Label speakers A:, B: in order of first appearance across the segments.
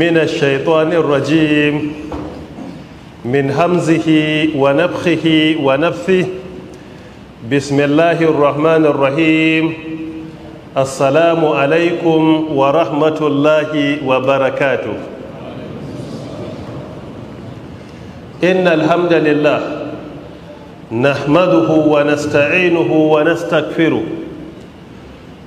A: من الشيطان الرجيم من همزه ونفخه ونفثه بسم الله الرحمن الرحيم السلام عليكم ورحمة الله وبركاته إن الحمد لله نحمده ونستعينه ونستغفره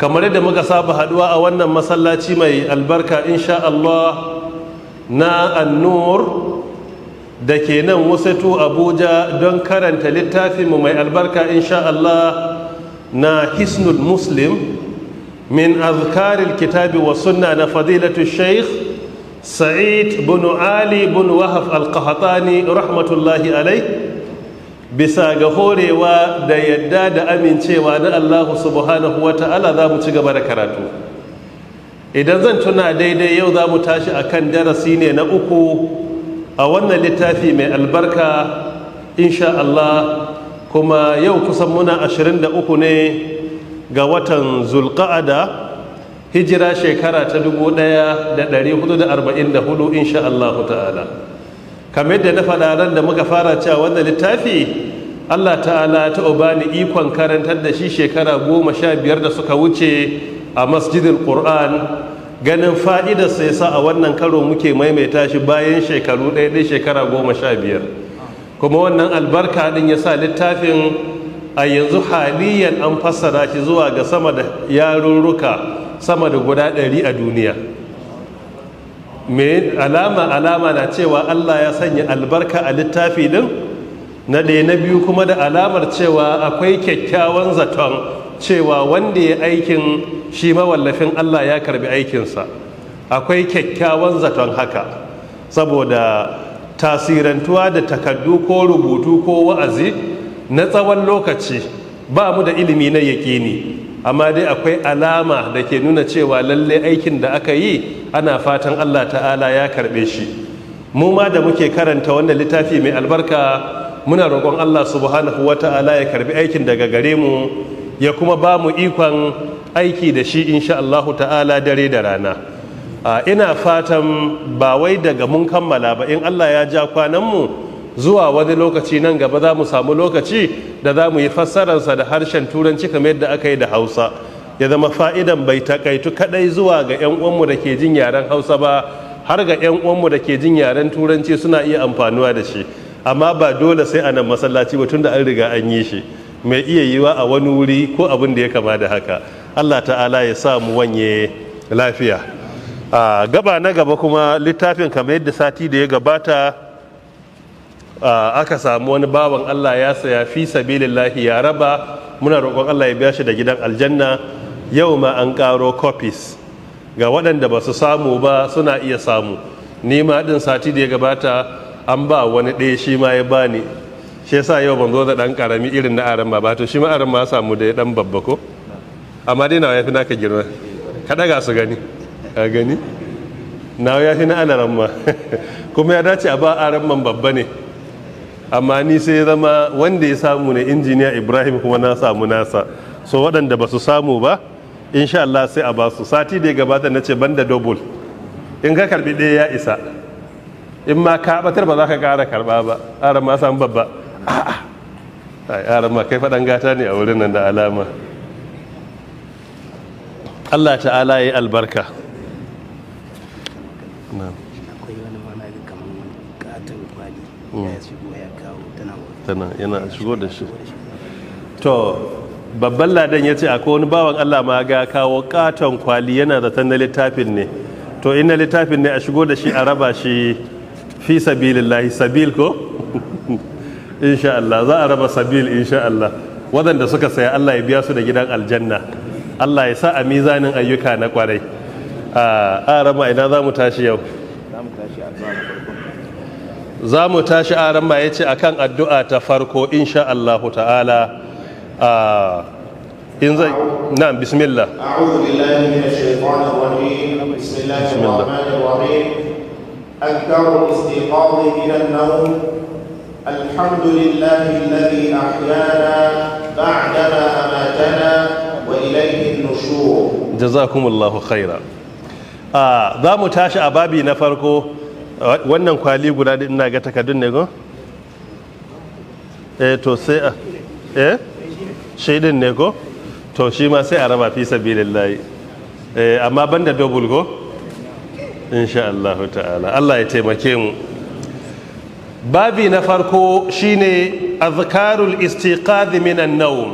A: kamar yadda muka saba haduwa a wannan masallaci mai albarka insha Allah na annur da ke nan wasatu abuja don karanta littafinmu mai albarka insha Allah na hisnud muslim min azkaril kitabi wa sunna na fadilatu sheikh Sa'id bin Ali bin وهف القحطاني رحمة الله bisa ga horewa da yadda da amincewa na Allahu subhanahu wa ta'ala za mu ci gaba da karatu idan zan tuna daidai yau za mu tashi a kan darasi ne na uku a wannan littafi mai albarka insha Allah kuma yau kusan muna 23 ne ga watan zulqa'ada hijira shekara ta 1444 insha Allah ta'ala kamar yadda na faɗa ran da muka fara cewa wannan littafi Allah ta'ala ta bani ikon karantar da shi shekara goma sha biyar da suka wuce a masjidin ƙur'an ganin fa'idarsa ya sa a wannan karo muke maimaita shi bayan shekaru ɗaya ɗaya shekara goma sha biyar kuma wannan albarka ɗin ya sa littafin a yanzu haliyan an fassara shi zuwa ga sama da yarurruka sama da guda ɗari a duniya me alama alama na cewa Allah ya sanya albarka a littafi din na ɗaya na biyu kuma da alamar cewa akwai kyakkyawan zaton cewa wanda ya aikin shi mawallafin Allah ya karbi aikinsa akwai kyakkyawan zaton haka saboda tasirantuwa da takardu ko rubutu ko wa'azi na tsawon lokaci ba mu da ilimi na yaƙini amma dai akwai alama da ke nuna cewa lalle aikin da aka yi ana fatan Allah ta'ala ya karbe shi mu ma da muke karanta wannan littafi mai albarka muna roƙon Allah subhanahu Ta'ala ya karbi aikin daga gare mu ya kuma ba mu ikon aiki da shi insha Allah ta'ala dare da rana ina fatan ba wai daga mun kammala ba in Allah ya ja kwanan mu zuwa wani lokaci nan gaba za mu samu lokaci da za mu yi fassararsa da harshen turanci kamar yadda aka yi da hausa ya zama fa'idan bai takaitu kadai zuwa ga 'yan uwanmu da ke jin yaren hausa ba har ga 'yan uwanmu da ke jin yaren turanci suna iya amfanuwa da shi amma ba dole sai a nan masallaci ba tun da an riga an yi shi mai iya yiwa a wani wuri ko abin da ya kama da haka allah ta'ala ya sa mu wanye lafiya a ah, gaba na gaba kuma littafin kamar yadda sati da ya gabata Ah, aka samu wani bawan Allah ya saya fi sabilillahi ya raba muna roƙon Allah ya biya shi da gidan aljanna yau ma an ƙaro copies ga waɗanda ba su samu ba suna iya samu ni ma ɗin sati da ya gabata an ba wani ɗaya shi ma ya bani shi yasa yau ban zo da ɗan ƙarami irin na aran ba to shi ma aran ma samu da ya ɗan babba ko amma dai nawa ya fi naka girma ka ɗaga su gani a gani nawa ya fi na anaran ma kuma ya dace a ba aran man babba ne amma ni sai ya zama wanda ya samu ne injiniya ibrahim kuma na samu nasa so waɗanda ba su samu ba insha Allah sai a ba su sati da ya gabata na ce banda double in ka karbi ɗaya ya isa in ma ka batar ba za ka ƙara karba ba ƙara ma samu babba a'a ƙara ma kai faɗan gata ne a wurin nan da alama Allah ta'ala ya yi albarka akwai wani kamar kwali ta yana shigo da shi to babban ladan ya ce akwai wani bawan allah ma ga kawo katon kwali yana zaton na littafin ne to ina littafin ne a shigo da shi a raba shi fi sabilillahi sabil ko insha Allah za a raba sabil insha Allah waɗanda suka saya Allah ya biya su da gidan aljanna Allah ya sa a mizanin ayyuka na kwarai ah, a raba ina za mu tashi yau zamu tashi aran ma yace akan addu'a ta farko insha Allah ta'ala in zai na'am bismillah
B: a'udhu billahi minash shaitanir rajim bismillahir rahmanir rahim aktaru istiqadi min an-nawm alhamdulillahi alladhi ahyana ba'da ma amatana
A: wa ilayhi an-nushur jazakumullahu khaira za mu tashi a babi na farko wannan kwali guda da ina ga takardun ne go eh to sai a eh shaidin ne go to shi ma sai a raba fi sabilillahi eh amma banda double go insha Allah ta'ala Allah ya taimake mu babi na farko shine azkarul istiqadh minan nawm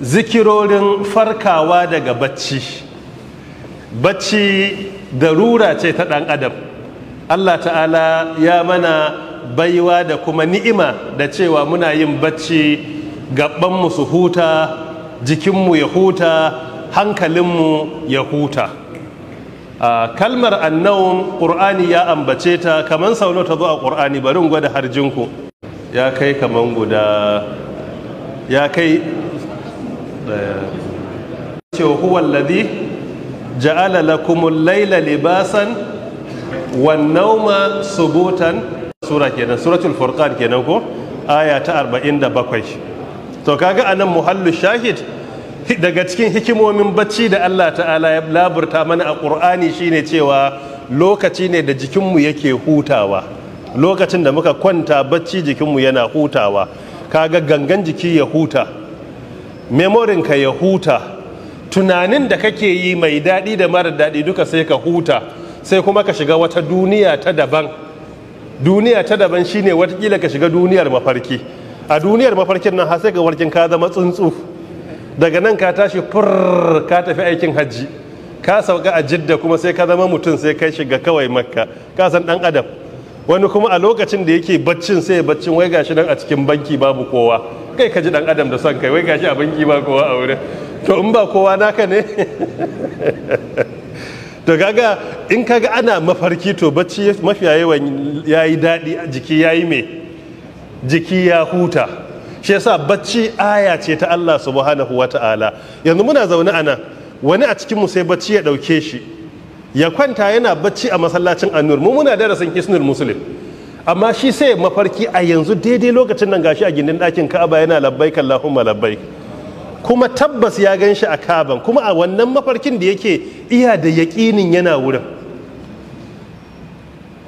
A: zikirorin farkawa daga bacci bacci darura ce ta dan adam Allah ta'ala ya mana baiwa da kuma ni'ima da cewa muna yin bacci gabanmu su huta jikinmu ya huta hankalinmu ya huta kalmar annawun ƙur'ani ya ambace ta kamar sauno ta zo a ƙur'ani barin gwada harjinku ya kai kamar guda ya kai eh, cewa huwalladi ja'ala lakumul laila libasan wannauma subutan sura kenan suratul furqan kenan ko aya ta 47 to kaga anan muhallu shahid daga cikin hikimomin bacci da Allah ta'ala ya laburta mana a ƙur'ani shine cewa lokaci ne da jikinmu yake hutawa lokacin da muka kwanta bacci jikinmu yana hutawa kaga gangan jiki ya huta memorin ka ya huta tunanin da kake yi mai daɗi da mara daɗi duka sai ka huta sai kuma ka shiga wata duniya ta daban duniya ta daban shine watakila ka shiga duniyar mafarki a duniyar mafarkin nan har sai ga warkin ka zama tsuntsu daga nan ka tashi fur ka tafi aikin hajji ka sauka a jidda kuma sai ka zama mutum sai kai shiga kawai makka ka san dan adam wani kuma a lokacin da yake baccin sai baccin wai gashi nan a cikin banki babu kowa kai ka ji dan adam da son kai wai gashi a banki ba kowa a wurin to in ba kowa naka ne to gaga in kaga ana mafarki to bacci mafiya yawan ya yayi daɗi jiki ya yi mai jiki ya huta shi yasa bacci aya ce ta Allah subhanahu ta'ala. yanzu muna zaune a nan wani a cikin mu sai bacci ya ɗauke shi ya kwanta yana bacci a masallacin annur mu muna darasin isnul muslim amma shi sai mafarki a yanzu daidai lokacin nan gashi a gindin ɗakin ka'aba yana labbaik allahumma labbaik kuma tabbas ya gan shi a kaban kuma a wannan mafarkin da yake iya da yaƙinin yana wurin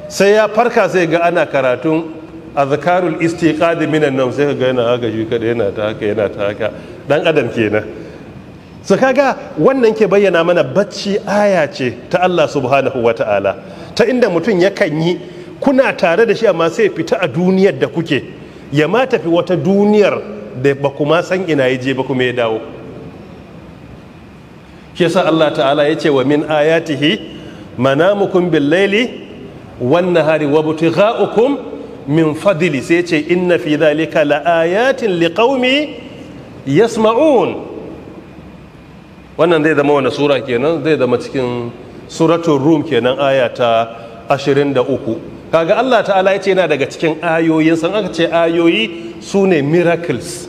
A: sai ya farka sai ga ana karatun azkarul istiqadi minan nan sai ga yana haka shi kada yana ta haka yana ta haka dan adam kenan su kaga wannan ke bayyana mana bacci aya ce ta Allah subhanahu wata'ala ta inda mutum yakan yi kuna tare da shi amma sai fita a duniyar da kuke ya ma tafi wata duniyar da ba kuma san ina ya je ba kuma ya dawo Ke sa Allah ta'ala ya ce wa min ayatihi manamukum bil laili wan nahari wa butigha'ukum min fadli sai ce inna fi dhalika la ayatin liqaumi yasma'un wannan zai zama wani sura kenan zai zama cikin suratul rum kenan aya ta 23 kaga Allah ta'ala ya ce yana daga cikin ayoyin san aka ce ayoyi su ne miracles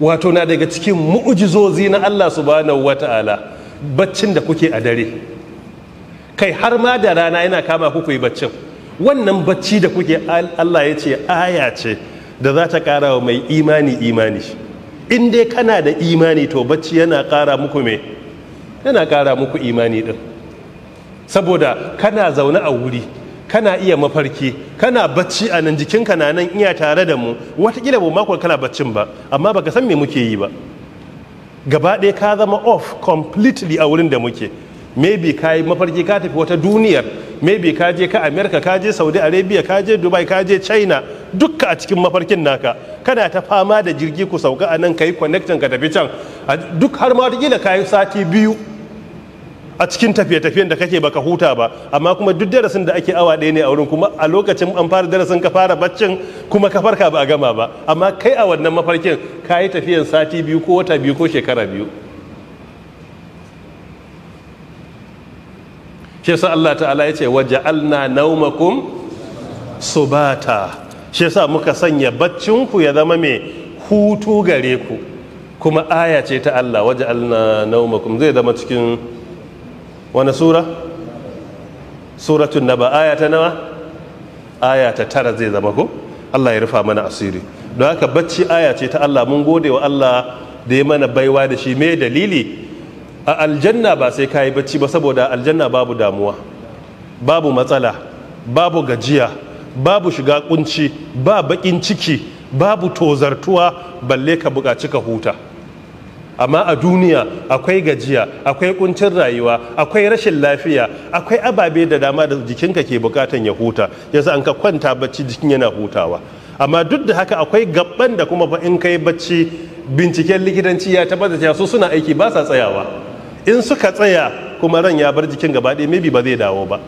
A: wato na daga cikin mu'ujizozi na Allah subhanahu wa ta'ala baccin da kuke a dare kai har ma da rana yana kama ku yi baccin wannan bacci da kuke Allah ya ce aya ce da za ta kara wa mai imani imani in dai kana da imani to bacci yana kara muku me yana kara muku imani din saboda kana zaune a wuri kana iya mafarki kana bacci a nan jikinka na nan iya tare da mu watakila ba makon kana baccin ba amma baka san me muke yi ba gaba ɗaya ka zama off completely a wurin da muke maybe ka yi mafarki ka tafi wata duniyar maybe ka je ka america ka je saudi arabia ka je dubai ka je china dukka a cikin mafarkin naka kana ta fama da jirgi ku sauka a nan ka yi connection ka tafi can duk har ma watakila ka yi sati biyu a cikin tafiye-tafiyen da kake baka huta ba amma kuma duk darasin da ake awa ɗaya ne a wurin kuma a lokacin an fara darasin ka fara baccin kuma ka farka ba a gama ba amma kai a wannan mafarkin ka yi tafiyan sati biyu ko wata biyu ko shekara biyu shi yasa Allah ta'ala ya ce waja'alna naumakum subata shi yasa muka sanya baccin ku ya zama mai hutu gare ku kuma aya ce ta Allah waja'alna naumakum zai zama cikin wani sura suratun naba aya ta nawa aya ta tara zai zama ko Allah ya rufa mana asiri don haka bacci aya ce ta Allah mun gode wa Allah da ya mana baiwa da shi mai dalili a aljanna ba sai kayi bacci ba saboda aljanna babu damuwa babu matsala babu gajiya babu shiga kunci ba bakin ciki babu tozartuwa balle ka buƙaci ka huta amma a duniya akwai gajiya akwai kuncin rayuwa akwai rashin lafiya akwai ababe da dama da jikinka ke bukatan ya huta ya an ka kwanta bacci jikin yana hutawa amma duk da haka akwai gaban da kuma in kai bacci binciken likitanci ya tabbata cewa su suna aiki ba sa tsayawa in suka tsaya kuma ran ya bar jikin gaba ɗaya maybe ba zai dawo ba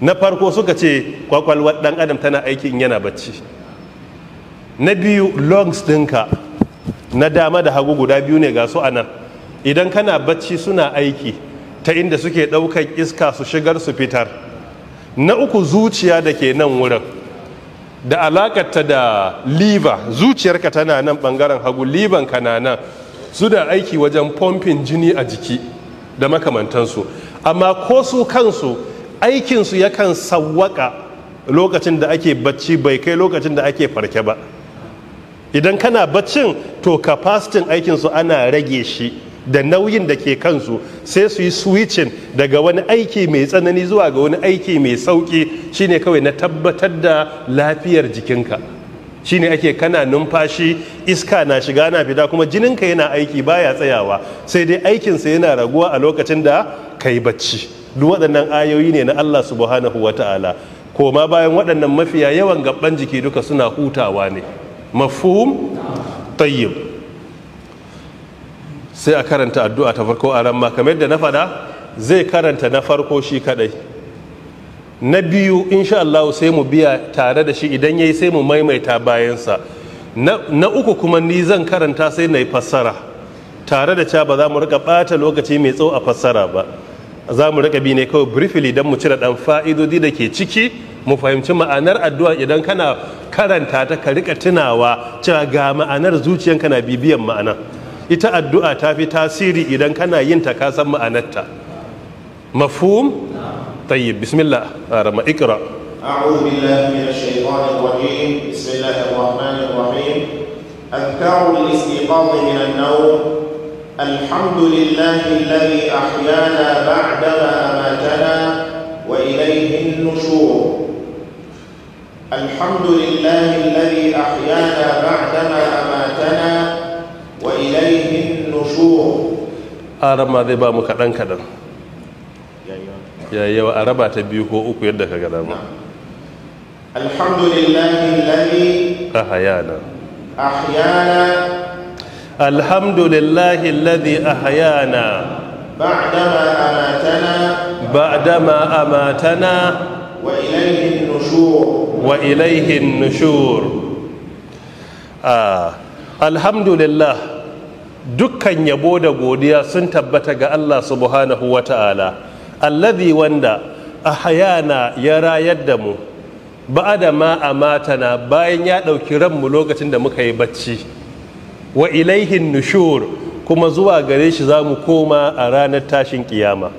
A: na farko suka ce kwakwalwar ɗan adam tana aiki in yana bacci na biyu lungs ɗinka na dama da hagu guda biyu ne ga su a nan idan kana bacci suna aiki ta inda suke ɗaukar iska su shigar su fitar na uku zuciya da ke nan wurin da alakarta da liba zuciyarka tana nan ɓangaren hagu liban ka na nan da aiki wajen pompin jini a jiki da makamantansu amma ko su kansu aikinsu yakan sawwaka lokacin da ake bacci bai kai lokacin da ake farke ba idan kana baccin to capacity aikinsu ana rage shi da nauyin da ke kansu sai su yi switching daga wani aiki mai tsanani zuwa ga wani aiki mai sauki shine kawai na tabbatar da lafiyar jikinka shine ake kana numfashi iska na shiga na fita kuma jininka yana aiki baya tsayawa sai dai aikinsa yana raguwa a lokacin da ka yi bacci duk waɗannan ayoyi ne na Allah subhanahu wa ta'ala koma bayan waɗannan mafiya yawan gaban jiki duka suna hutawa ne mafhum tayyib sai a karanta addu'a ta farko a ramma kamar yadda na fada zai karanta na farko shi kadai na biyu insha Allah sai mu biya tare da shi idan yayi sai mu maimaita bayansa na uku kuma ni zan karanta sai na yi fassara tare da ca ba za mu rika ɓata lokaci mai tsawo a fassara ba za mu rika bi ne kawai briefly don mu cire dan fa'idodi da ke ciki mu fahimci ma'anar addu'a idan kana karanta ta ka rika tunawa cewa ga ma'anar zuciyanka kana bibiyan ma'ana ita addu'a ta fi tasiri idan kana yin ta ka san ma'anarta mafhum tayyib bismillah rama ikra
B: أعوذ بالله من الشيطان الرجيم بسم الله الرحمن الرحيم أذكار الاستيقاظ من النوم الحمد لله الذي أحيانا بعدما أماتنا وإليه النشور الحمد لله الذي أحيانا بعدما أماتنا
A: وإليه
B: النشور
A: أرمى ذبا مكدن كدر يا يا أربعة بيوكو أكو يدك كدر نعم.
B: الحمد لله الذي
A: أحيانا
B: أحيانا
A: الحمد لله الذي أحيانا
B: بعدما أماتنا
A: بعدما أماتنا
B: وإليه النشور
A: وإليه النشور آه. الحمد لله dukkan yabo da godiya sun tabbata ga Allah subhanahu wa ta'ala allazi wanda a hayana ya rayar da mu ba'adama amatana ma a bayan ya ɗauki ranmu lokacin da muka yi bacci wa ilaihin nushur kuma zuwa gare shi za mu koma a ranar tashin kiyama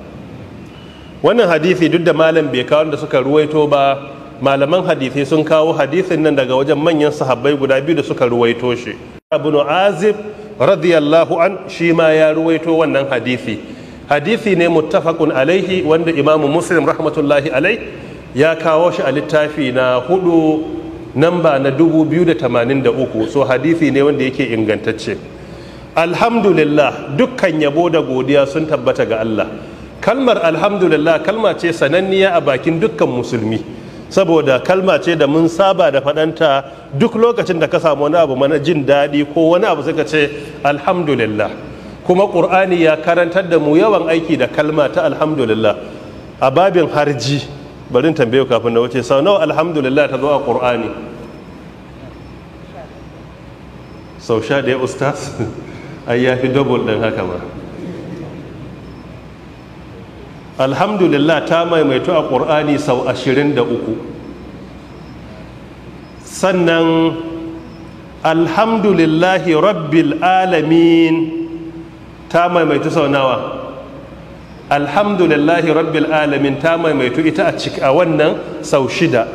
A: wannan hadisi duk da malam bai kawo da suka ruwaito ba malaman hadisi sun kawo hadisin nan daga wajen manyan sahabbai guda biyu da suka ruwaito shi ibn azib radiyallahu an shi ma ya ruwaito wannan hadisi hadisi ne muttafaqun alaihi wanda imamu muslim rahmatullahi alai, ya kawo shi a littafi na hudu Nan ba na uku, so hadithi ne wanda yake ingantacce alhamdulillah dukkan yabo da godiya sun tabbata ga Allah kalmar alhamdulillah kalma ce sananniya a bakin dukkan musulmi saboda kalma ce da mun saba da faɗanta duk lokacin da ka samu wani abu mana jin daɗi ko wani abu suka ce alhamdulillah kuma ƙur'ani ya karantar da mu yawan aiki da kalma ta alhamdulillah a babin harji barin tambaye kafin na wuce sau nawa alhamdulillah ta zo a ƙur'ani sau sha ɗaya ustaz ai ya fi dubul ɗin haka ba alhamdulillah ta maimaito a ƙur'ani sau ashirin da uku sannan alhamdulillahi rabbil alamin ta maimaito sau nawa alhamdulillahi rabbil alamin ta maimaitu ita a a wannan sau shida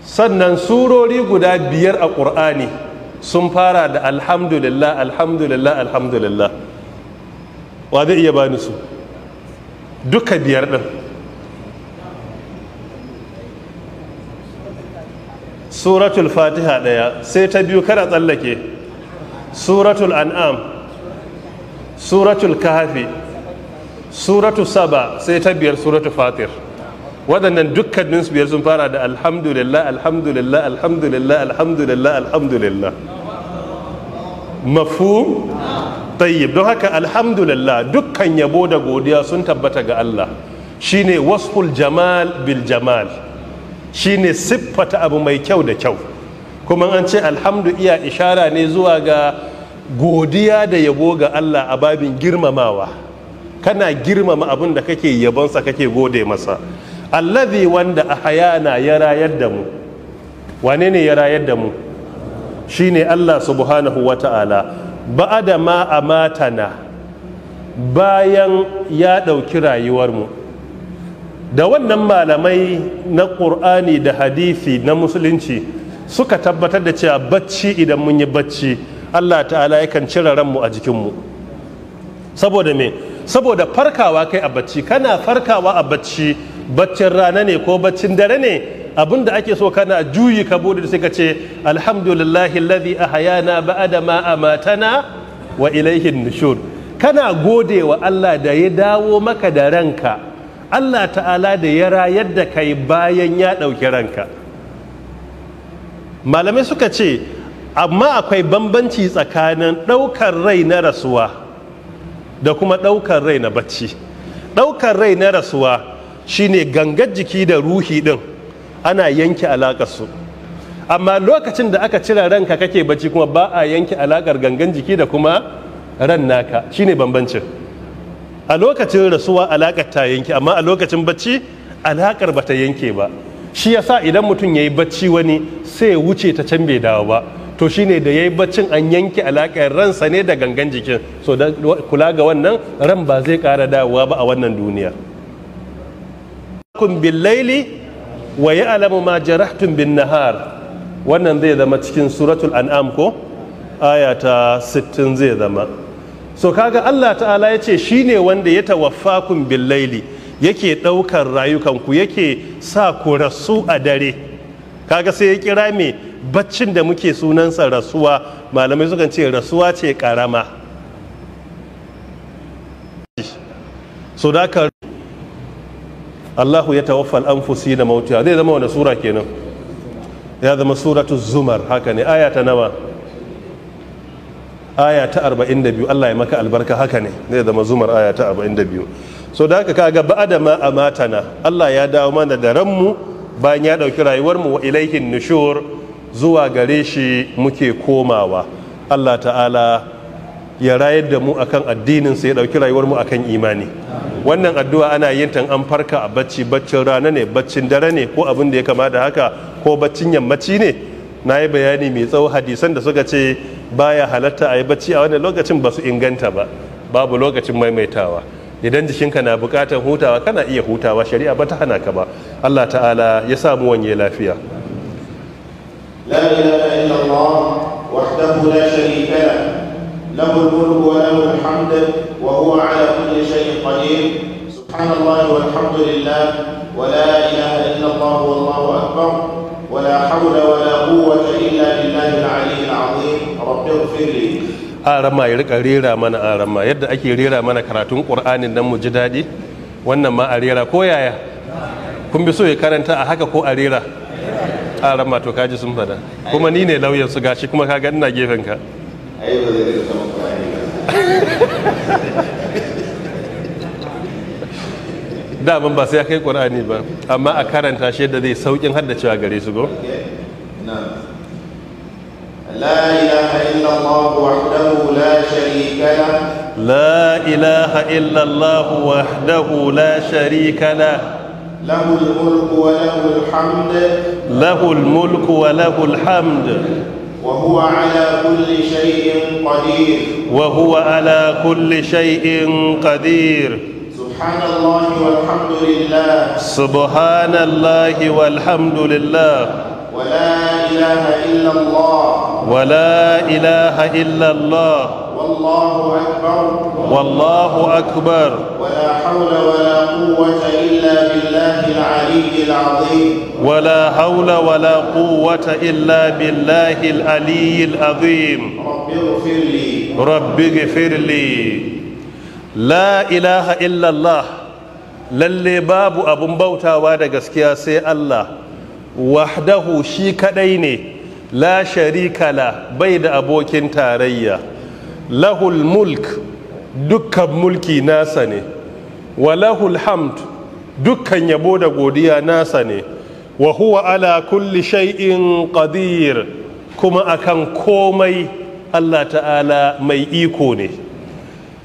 A: sannan surori guda biyar a ƙur'ani sun fara da alhamdulillah alhamdulillah alhamdulillah wa zai iya bani su duka biyar ɗin suratul fatiha ɗaya sai ta biyu kada tsallake suratul an'am suratul kahfi suratu saba sai ta biyar suratu fatir waɗannan dukkanin su biyar sun fara da alhamdulillah alhamdulillah alhamdulillah alhamdulillah alhamdulillah mafu tayyib don haka alhamdulillah dukkan yabo da godiya sun tabbata ga Allah shine wasful jamal bil jamal shine siffata abu mai kyau da kyau kuma an ce alhamdu iya ishara ne zuwa ga godiya da yabo ga Allah a babin girmamawa kana girmama abin da kake yabonsa kake gode masa allazi wanda a hayana ya rayar da mu wane ne ya rayar da mu shine Allah subhanahu wa ta'ala ba'ada ma amatana bayan ya ɗauki rayuwarmu da wannan malamai na ƙur'ani da hadisi na musulunci suka tabbatar da cewa bacci idan mun yi bacci Allah ta'ala yakan cire ranmu a jikinmu saboda me saboda farkawa kai a bacci kana farkawa a bacci baccin rana ne ko baccin dare ne abin da ake so kana juyi ka bude sai ka ce alhamdulillahi alladhi ahyana ba'da ma amatana wa ilaihin nushur kana gode wa Allah da ya dawo maka da ranka Allah ta'ala da ya rayar da kai bayan ya ɗauki ranka malamai suka ce amma akwai bambanci tsakanin ɗaukar rai na rasuwa da kuma ɗaukar rai na bacci ɗaukar rai na rasuwa shine gangar jiki da ruhi ɗin ana yanke su. amma lokacin da aka cira ranka kake bacci kuma ba a yanke alaƙar gangan jiki da kuma ran naka shine bambancin a lokacin rasuwa alaƙar ta yanke amma a lokacin bacci alaƙar ba ta yanke ba shi yasa idan mutum ya yi bacci wani sai wuce ta can bai dawo ba to shi ne da ya yi baccin an yanke alaƙar ransa ne da gangan jikin so da kula ga wannan ran ba zai ƙara dawowa ba a wannan duniya kun billaili wa Alamu ma jarahtum bin nahar wannan zai zama cikin suratul an'am ko aya ta 60 zai zama so kaga Allah ta'ala ya ce ne wanda ya tawaffakum billaili yake ɗaukar rayukanku yake sa ku rasu a dare kaga sai ya kira me baccin da muke sunansa rasuwa malamai sukan ce rasuwa ce karama so da ka Allahu ya tawaffal fusi da mautiya zai zama wani sura kenan ya zama suratu zumar haka ne aya ta nawa aya ta 42 Allah ya maka albarka haka ne zai zama zumar aya ta 42 so da haka kaga ba'ada ma matana Allah ya dawo mana da ranmu bayan ya dauki rayuwar mu wa ilaihin nushur zuwa gare shi muke komawa Allah ta'ala ya rayar da mu akan addinin sai ya dauki rayuwar mu akan imani wannan addu'a ana yin ta an farka a bacci baccin rana ne baccin dare ne ko abin da ya kama da haka ko baccin yammaci ne na yi bayani mai tsawo hadisan da suka ce baya halatta a yi bacci a wannan lokacin ba su inganta ba babu lokacin maimaitawa idan jikinka na bukatar hutawa kana iya hutawa shari'a ba ta hana ka ba allah ta'ala ya samu wanye lafiya
B: لا إله إلا الله وحده لا شريك له له الملك وله الحمد وهو على كل شيء قدير سبحان الله والحمد لله ولا إله إلا الله والله أكبر ولا حول ولا
A: قوة إلا بالله العلي العظيم رب اغفر لي arama ya rika rera mana arama yadda ake rera mana karatun qur'anin nan mu ji wannan ma a rera ko yaya kun bi so ya karanta a haka ko a rera aran ah, mato kaji sun fada kuma ni ne lauyan su gashi kuma ka gani ina gefen ka ai ba daman ba sai ya kai qur'ani ba amma a karanta shi da zai saukin cewa gare su go
B: لا إله إلا الله وحده لا شريك له
A: لا إله إلا الله وحده لا
B: له الملك وله الحمد
A: له الملك وله الحمد
B: وهو على كل شيء قدير
A: وهو على كل شيء قدير
B: سبحان الله والحمد لله
A: سبحان الله والحمد لله
B: ولا إله إلا الله
A: ولا إله إلا الله
B: والله أكبر
A: والله أكبر
B: ولا حول ولا قوة إلا بالله العلي العظيم
A: ولا حول ولا قوة إلا بالله العلي العظيم رب اغفر لي رب اغفر لي لا إله إلا الله lalle babu abun bautawa da gaskiya sai Allah wahdahu shi kadai ne la sharika la bai da abokin tarayya lahul mulk dukkan mulki nasa ne wa lahul hamd dukkan yabo da godiya nasa ne wa huwa ala kulli shay'in qadir kuma akan komai Allah ta'ala mai iko ne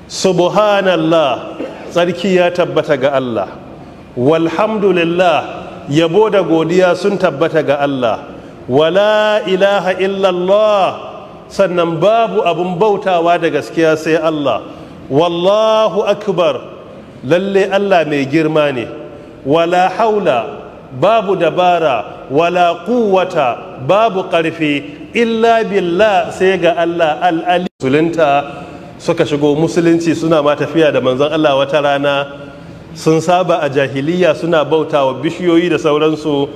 A: subhanallah tsarki ya tabbata ga Allah walhamdulillah yabo da godiya sun tabbata ga Allah wala ilaha illallah sannan babu abun bautawa da gaskiya sai Allah wallahu akbar lalle Allah mai girma ne wala haula babu dabara wala quwwata babu ƙarfi illa billah sai ga Allah al'ali Musulunta suka shigo musulunci suna ma tafiya da manzon Allah wata rana sun saba a jahiliya suna bautawa bishiyoyi da sauransu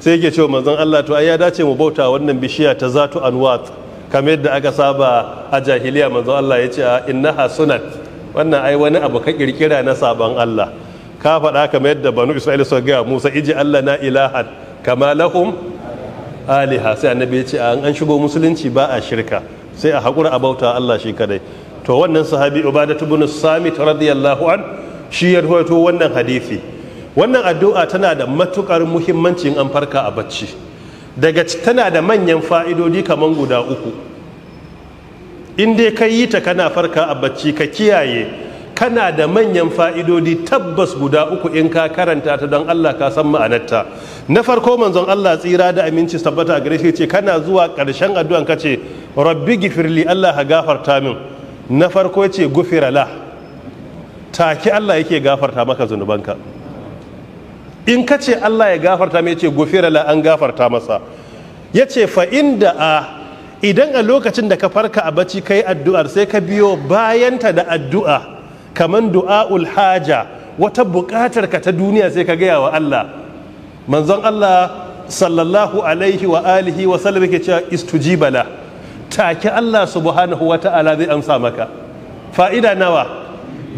A: sai ke cewa manzon Allah to ai ya dace mu bauta wannan bishiya ta zatu anwat kamar yadda aka saba a jahiliya manzo Allah ya ce inna hasunat wannan ai wani abu ka kirkira na sabon Allah ka faɗa kamar yadda banu Isra'ila suka ga Musa iji Allah na ilahan kama lahum aliha sai annabi ya ce an shigo musulunci ba a shirka sai a haƙura a bauta Allah shi kadai to wannan sahabi ubadatu ibn samit radiyallahu an shi ya rawaito wannan hadisi wannan addu'a tana da matukar muhimmancin an farka a bacci daga tana da manyan fa'idodi kamar guda uku in dai ka yi ta kana farka a bacci ka kiyaye kana da manyan fa'idodi tabbas guda uku in ka karanta ta don Allah ka san ma'anarta na farko manzon Allah tsira da aminci tabbata a gare shi ce kana zuwa ƙarshen addu'an ka ce rabbi gifirli Allah ha gafarta min na farko ce gufirala take Allah yake gafarta maka zunubanka in ka ce Allah ya gafarta mai ce gofira la an gafarta masa ya ce fa inda a idan a lokacin da ka farka a bacci yi addu'ar sai ka biyo bayanta da addu'a kamar du'a'ul haja wata buƙatar ka ta duniya sai ka gaya wa Allah manzon Allah sallallahu alaihi wa alihi wa sallam ke cewa istujibala take Allah subhanahu wa ta'ala zai amsa maka fa'ida nawa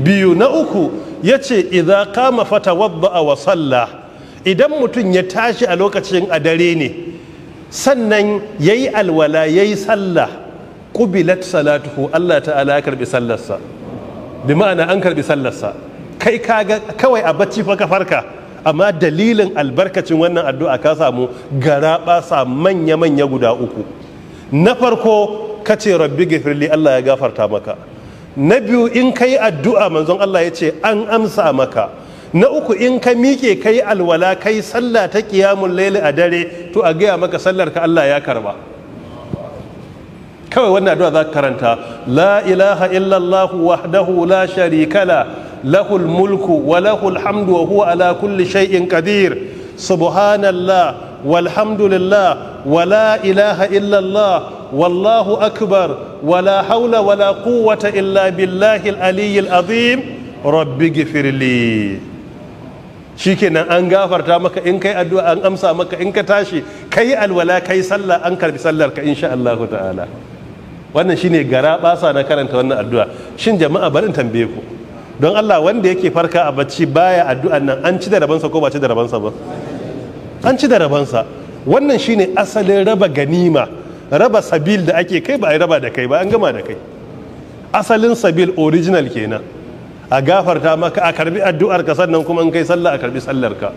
A: biyu na uku ya ce idan kama fata wadda a wasalla idan mutum ya tashi a lokacin a dare ne sannan ya yi alwala ya yi sallah ƙubilat salatuhu Allah ta'ala ya karɓi sallarsa bi ma'ana an karɓi sallarsa kai kaga kawai a bacci fa ka farka amma dalilin albarkacin wannan addu'a ka samu gara garaɓasa manya-manya guda uku na farko ka ce rabbi gifirli Allah ya gafarta maka na biyu in ka yi addu'a manzon Allah ya ce an amsa maka na uku in ka miƙe ka yi alwala ka yi sallah ta ƙiyamun laili a dare to a gaya maka sallar ka Allah ya karba kawai wannan addu'a za ka karanta la ilaha illallah wahdahu la sharika lahul mulku wa lahul hamdu wa huwa ala kulli shay'in qadir subhanallah walhamdulillah Wala ilaha إلا wallahu akbar, أكبر ولا حول ولا قوة إلا بالله العلي العظيم رب اغفر لي an gafarta maka in kai addu'a an amsa maka in ka tashi kai alwala kai sallah an karbi sallar ka insha Allah ta'ala wannan shine gara basa na karanta wannan addu'a shin jama'a barin tambaye ku don Allah wanda yake farka a bacci baya addu'an nan an ci da rabansa ko ba ci da rabansa ba an ci da rabansa wannan shine asalin raba ganima raba sabil da ake kai ba a raba da kai ba an gama da kai asalin sabil original kenan a gafarta maka a karbi addu'ar ka sannan kuma an kai sallah a karbi sallar ka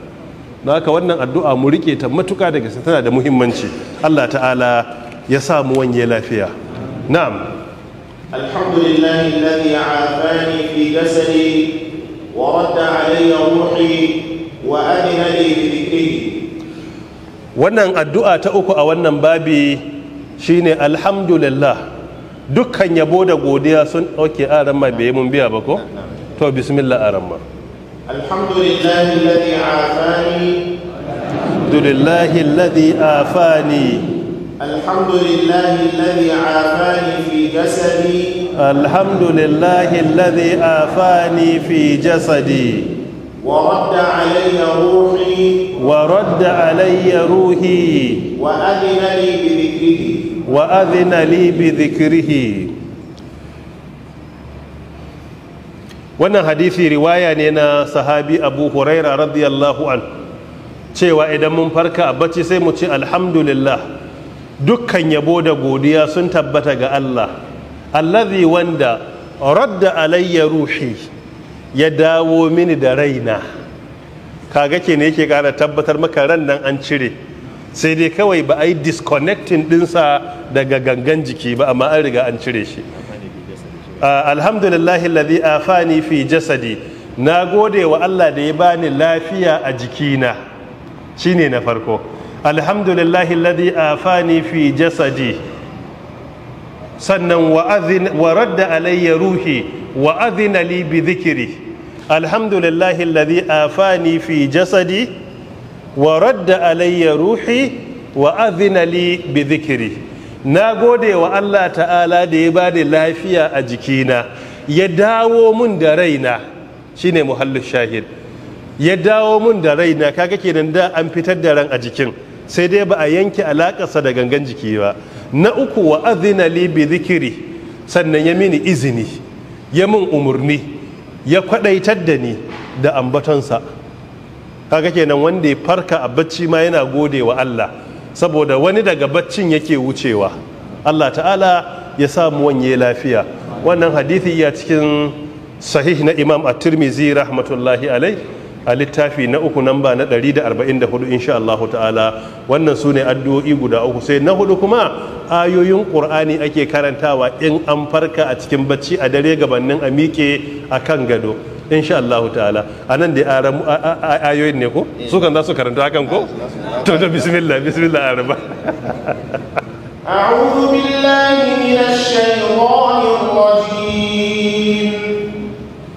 A: don haka wannan addu'a mu rike ta matuka daga tana da muhimmanci Allah ta'ala ya sa mu wanye lafiya na'am
B: alhamdulillahi alladhi afani fi jasadi wa radda alayya ruhi wa adina li
A: bi wannan addu'a ta uku a wannan babi shi ne alhamdulillah dukkan yabo da godiya sun ɗauke a ma bai mun biya ba ko to bismillah a ma
B: alhamdulillah
A: ladi afani
B: alhamdulillah alladhi afani alhamdulillah alladhi afani fi jasadi
A: alhamdulillah alladhi afani fi jasadi
B: ورد علي روحي
A: ورد علي روحي
B: وأذن لي بذكره
A: وأذن لي بذكره wannan hadisi riwaya ne na sahabi abu huraira radiyallahu an cewa idan mun farka a bacci sai mu ce alhamdulillah dukkan yabo da godiya sun tabbata ga Allah allazi wanda radda alayya ruhi ya dawo mini da raina kaga ke ne yake kara tabbatar maka ran nan an cire sai dai kawai ba a yi disconnecting dinsa daga gangan jiki ba amma an riga an cire shi alhamdulillahi ladhi afani fi jasadi na gode wa Allah da ya bani lafiya a jikina shine na farko alhamdulillahi ladhi afani fi jasadi sannan wa radda alayya ruhi wa adhina li bi dhikri alhamdulillahi alladhi afani fi jasadi wa radda alayya ruhi wa adhina li bi dhikri na gode wa Allah ta'ala da ya bada lafiya a jikina ya dawo mun da raina shine muhallin shahid ya dawo mun da raina kaga kenan da an fitar da ran a jikin sai dai ba a yanke alakarsa da gangan jiki ba na uku wa adhina li bi dhikri sannan ya mini izini ya mun umurni ya kwadaitar da ni da ambatonsa kaga kenan wanda ya farka a bacci ma yana gode wa Allah saboda wani daga baccin yake wucewa Allah ta'ala ya samu wanye lafiya wannan hadithi iya cikin sahih na imam at-tirmidhi rahmatullahi alai a littafi na uku ba na 144 insha Allah ta'ala wannan su ne addu'o'i guda uku sai na hudu kuma ayoyin ƙur'ani ake karantawa in an farka a cikin bacci a dare gabanin a miƙe a kan gado insha Allah ta'ala a nan da ayoyin ne ko eh. su kan za su karanta hakan ko to da bismillah bismillah araba
B: أعوذ بالله من الشيطان الرجيم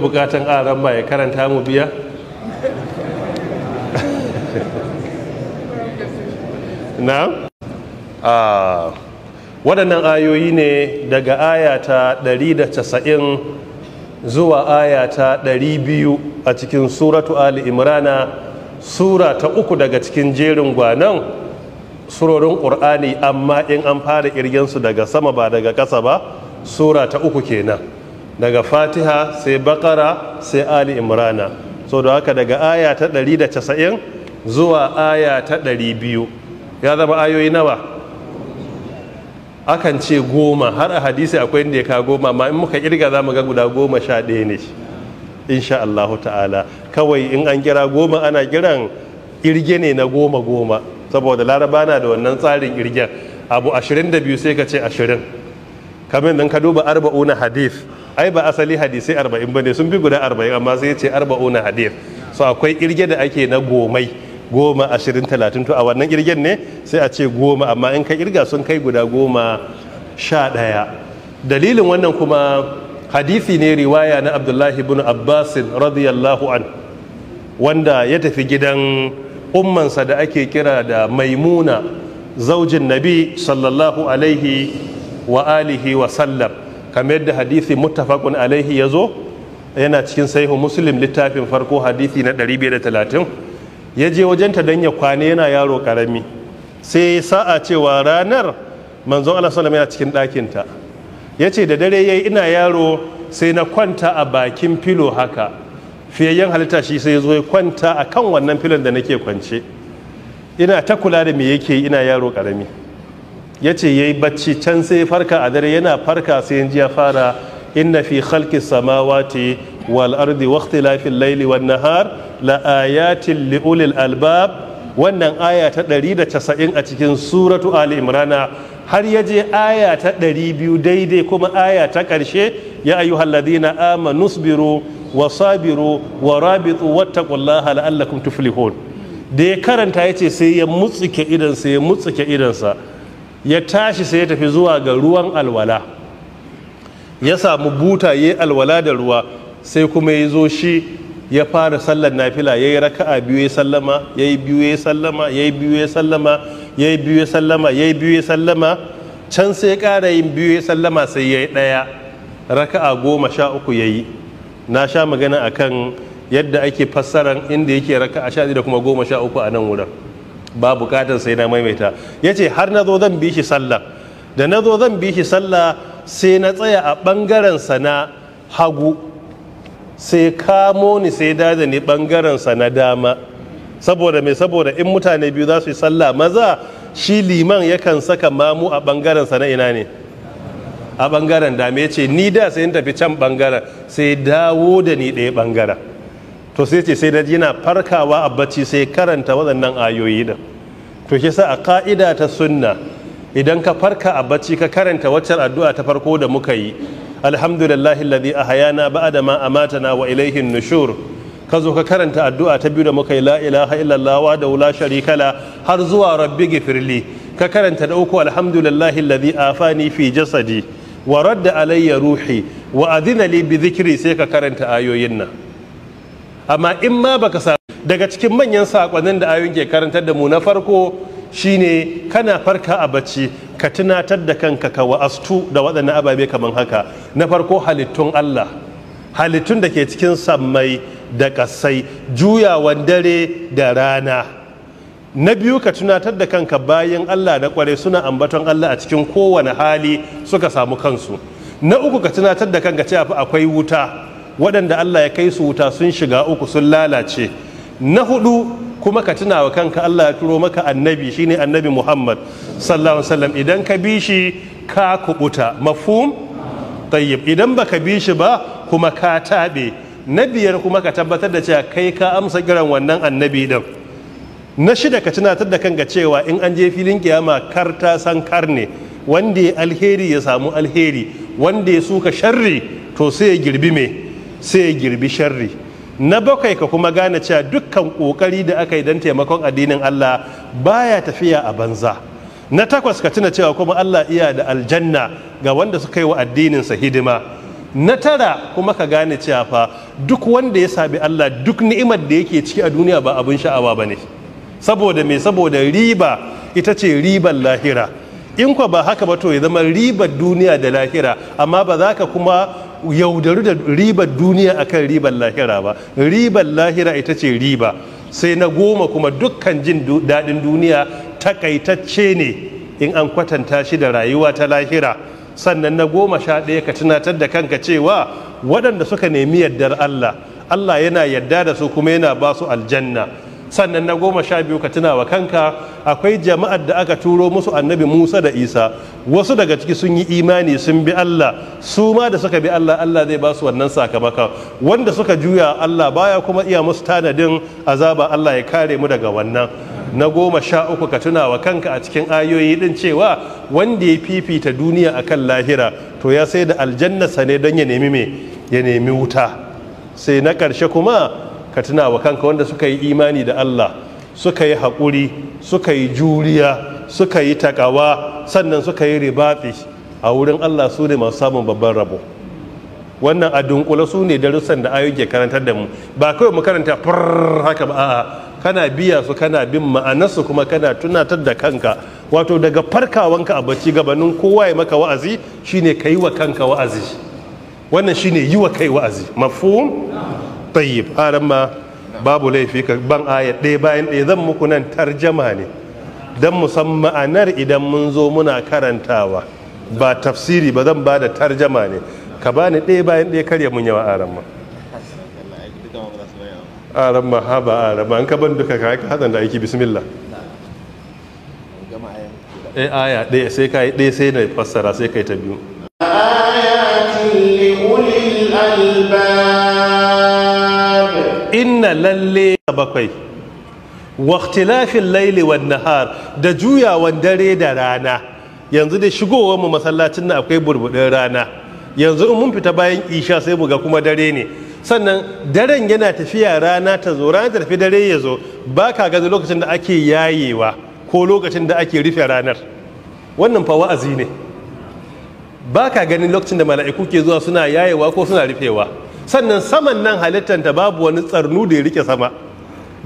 A: bukatan aran ba ya karanta mu biya na a ah, waɗannan ayoyi ne daga ayata 190 zuwa ayata 200 a cikin suratu ali imrana sura ta uku daga cikin jerin gwanon surorin ƙur'ani amma in an fara irgensu daga sama ba daga ƙasa ba sura ta uku kenan daga fatiha sai bakara sai ali imrana so da haka daga aya ta 190 zuwa aya ta 200 ya zama ayoyi nawa akan ce goma har a hadisi akwai inda ya ka goma ma in muka kirga za mu ga guda goma sha ɗaya ne insha Allah ta'ala kawai in an kira goma ana kiran irge ne na goma goma saboda laraba na da wannan tsarin irgen abu 22 sai ka ce 20 kamar ka duba arba'una hadith ai ba asali hadisai arba'in ba ne sun bi guda arba'in amma sai ce ce arba'una hadir so akwai kirge da ake na gomai goma ashirin talatin to a wannan kirgen ne sai a ce goma amma in ka kirga sun kai guda goma sha ɗaya dalilin wannan kuma hadisi ne riwaya na abdullahi bin abbasin radiyallahu an wanda ya tafi gidan ummansa da ake kira da maimuna zaujin nabi sallallahu alaihi wa alihi wa sallam kamar yadda hadithi muttafaqun alaihi ya zo yana cikin sahihu muslim littafin farko hadithi na 530 ya je wajenta don ya kwane yana yaro karami sai sa'a cewa ranar manzon Allah sallallahu yana cikin ɗakinta ya ce da dare yayi ina yaro sai na kwanta a bakin filo haka fiyayyen halitta shi sai zo ya kwanta a kan wannan filon da nake kwance ina ta kula da me yake ina yaro karami ya ce ya yi bacci can sai farka a dare yana farka sai ji ya fara inna fi khalqi samawati wal ardi wa layli wan nahar la ayatin li ulil albab wannan aya ta 190 a cikin suratu ali imrana har ya je aya ta 200 daidai kuma aya ta karshe ya ayyuhal ladina amanu sabiru wa sabiru wa rabitu wattaqullaha la'allakum tuflihun da ya karanta ya ce sai ya mutsuke sai ya mutsuke idansa ya tashi sai ya tafi zuwa ga ruwan alwala ya samu buta ya alwala da ruwa sai kuma ya zo shi ya fara sallar nafila ya yi raka'a biyu ya sallama ya yi biyu ya sallama ya yi biyu ya sallama ya yi biyu ya sallama ya yi biyu sallama can sai ya ƙara yin biyu ya sallama sai ya yi ɗaya raka'a goma sha uku ya yi na sha magana akan yadda ake fassaran inda yake raka'a sha da kuma goma sha uku a nan wurin ba bukatar sai na maimaita ya ce har na zo zan bi shi sallah da na zo zan bi shi sallah sai na tsaya a ɓangarensa na hagu sai kamo ni sai da ni ɓangarensa na dama saboda mai saboda in mutane biyu za su yi sallah maza shi liman yakan saka mamu a ɓangarensa na ina ne a ɓangaren dama ya ce ni da sai in tafi can ɓangaren sai dawo da ni ɗaya ɓangaren to sai ce sai yana farkawa a bacci sai karanta waɗannan ayoyi da to shi sa a ka'ida ta sunna idan ka farka a bacci ka karanta waccan addu'a ta farko da muka yi alhamdulillahi alladhi ahayana ba'da ma amatana wa ilayhi nushur ka zo ka karanta addu'a ta biyu da muka yi la ilaha illallah wa da la sharika la har zuwa rabbi gifirli ka karanta da uku alhamdulillahi alladhi afani fi jasadi wa radda alayya ruhi wa adina li bi dhikri sai ka karanta ayoyin nan amma in ma baka samu daga cikin manyan sakonnin da ayoyin ke karantar da mu na farko shine kana farka a bacci ka tunatar da kanka ka wa'astu da waɗannan ababe kamar haka na farko halittun Allah halittun da ke cikin sammai da ƙasai juyawan dare da rana na biyu ka tunatar da kanka bayan Allah na kware suna ambaton Allah a cikin kowane hali suka samu kansu na uku ka tunatar da kanka cewa akwai wuta waɗanda Allah ya kai su wuta sun shiga uku sun lalace na hudu kuma ka tuna wa kanka Allah ya turo maka annabi shine annabi Muhammad sallallahu alaihi wasallam idan ka bi shi ka kubuta mafhum tayyib idan baka bi shi ba kuma ka tabe na biyar kuma ka tabbatar da cewa kai ka amsa kiran wannan annabi din na shida ka tunatar da kanka cewa in an je filin kiyama karta san karne wanda alheri ya samu alheri wanda ya suka sharri to sai ya girbi mai. sai ya girbi sharri na bakwai ka kuma gane cewa dukkan kokari da aka yi don taimakon addinin Allah baya tafiya a banza na takwas ka tuna cewa kuma Allah iya da aljanna ga wanda suka yi wa addininsa hidima na tara kuma ka gane cewa fa duk wanda ya sabi Allah duk ni'imar da yake ciki a duniya ba abin sha'awa ba ne saboda me saboda riba ita ce ribar lahira in kwa ba haka ba to ya zama ribar duniya da lahira amma ba za ka kuma yaudaru da ribar duniya akan ribar lahira ba ribar lahira ita ce riba sai na goma kuma dukkan jin daɗin duniya takaitacce ne in an kwatanta shi da rayuwa ta lahira sannan na goma sha ɗaya ka tunatar da kanka cewa waɗanda suka nemi yardar Allah Allah yana yadda da su kuma yana ba su aljanna sannan na goma sha biyu ka tuna wa kanka akwai jama'ar da aka turo musu annabi musa da isa wasu daga ciki sun yi imani sun bi allah su ma da suka bi allah allah zai ba su wannan sakamakon wanda suka juya allah baya kuma iya musu tanadin azaba allah ya kare mu daga wannan na goma sha uku ka tuna wa kanka a cikin ayoyi din cewa wanda ya fifita duniya akan lahira to ya sai da aljannasa ne don ya nemi ya nemi wuta sai na ƙarshe kuma ka tuna wa kanka wanda suka yi imani da Allah suka yi haƙuri suka yi juriya suka yi takawa sannan suka yi ribatsi a wurin Allah su ne masu samun babban rabo wannan a dunkula su ne darussan da ayo ke karantar da mu ba kawai mu karanta furr haka ba a'a kana biya su kana bin ma'anarsu kuma kana tunatar da kanka wato daga farkawanka a bacci gabanin kowa ya maka wa'azi shine kai wa kanka wa'azi wannan shine yi wa kai wa'azi mafhum tayyib aran ma babu laifi ka ban aya ɗaya bayan ɗaya zan muku nan tarjama ne don san ma'anar idan mun zo muna karantawa ba tafsiri ba zan ba da tarjama ne ka ba ni ɗaya bayan ɗaya karya mun yawa aran ma aran ma ha ba aran ma an ka ban duka ka hadan da aiki bismillah eh aya ɗaya sai ka yi ɗaya sai na fassara sai kai ta biyu
B: ayatin li ulil albab
A: inna lalle bakwai waktilafin laili wa nahar da juyawan dare da rana yanzu da shigowar mu masallacin na akwai burbudin rana yanzu in mun fita bayan isha sai mu ga kuma dare ne sannan daren yana tafiya rana ta zo rana ta tafi dare ya zo ba ka gaza lokacin da ake yayewa ko lokacin da ake rufe ranar wannan fa wa'azi ne ba ka ganin lokacin da mala'iku ke zuwa suna yayewa ko suna rufewa sannan saman nan halittar ta babu wani tsarnu da ya rike sama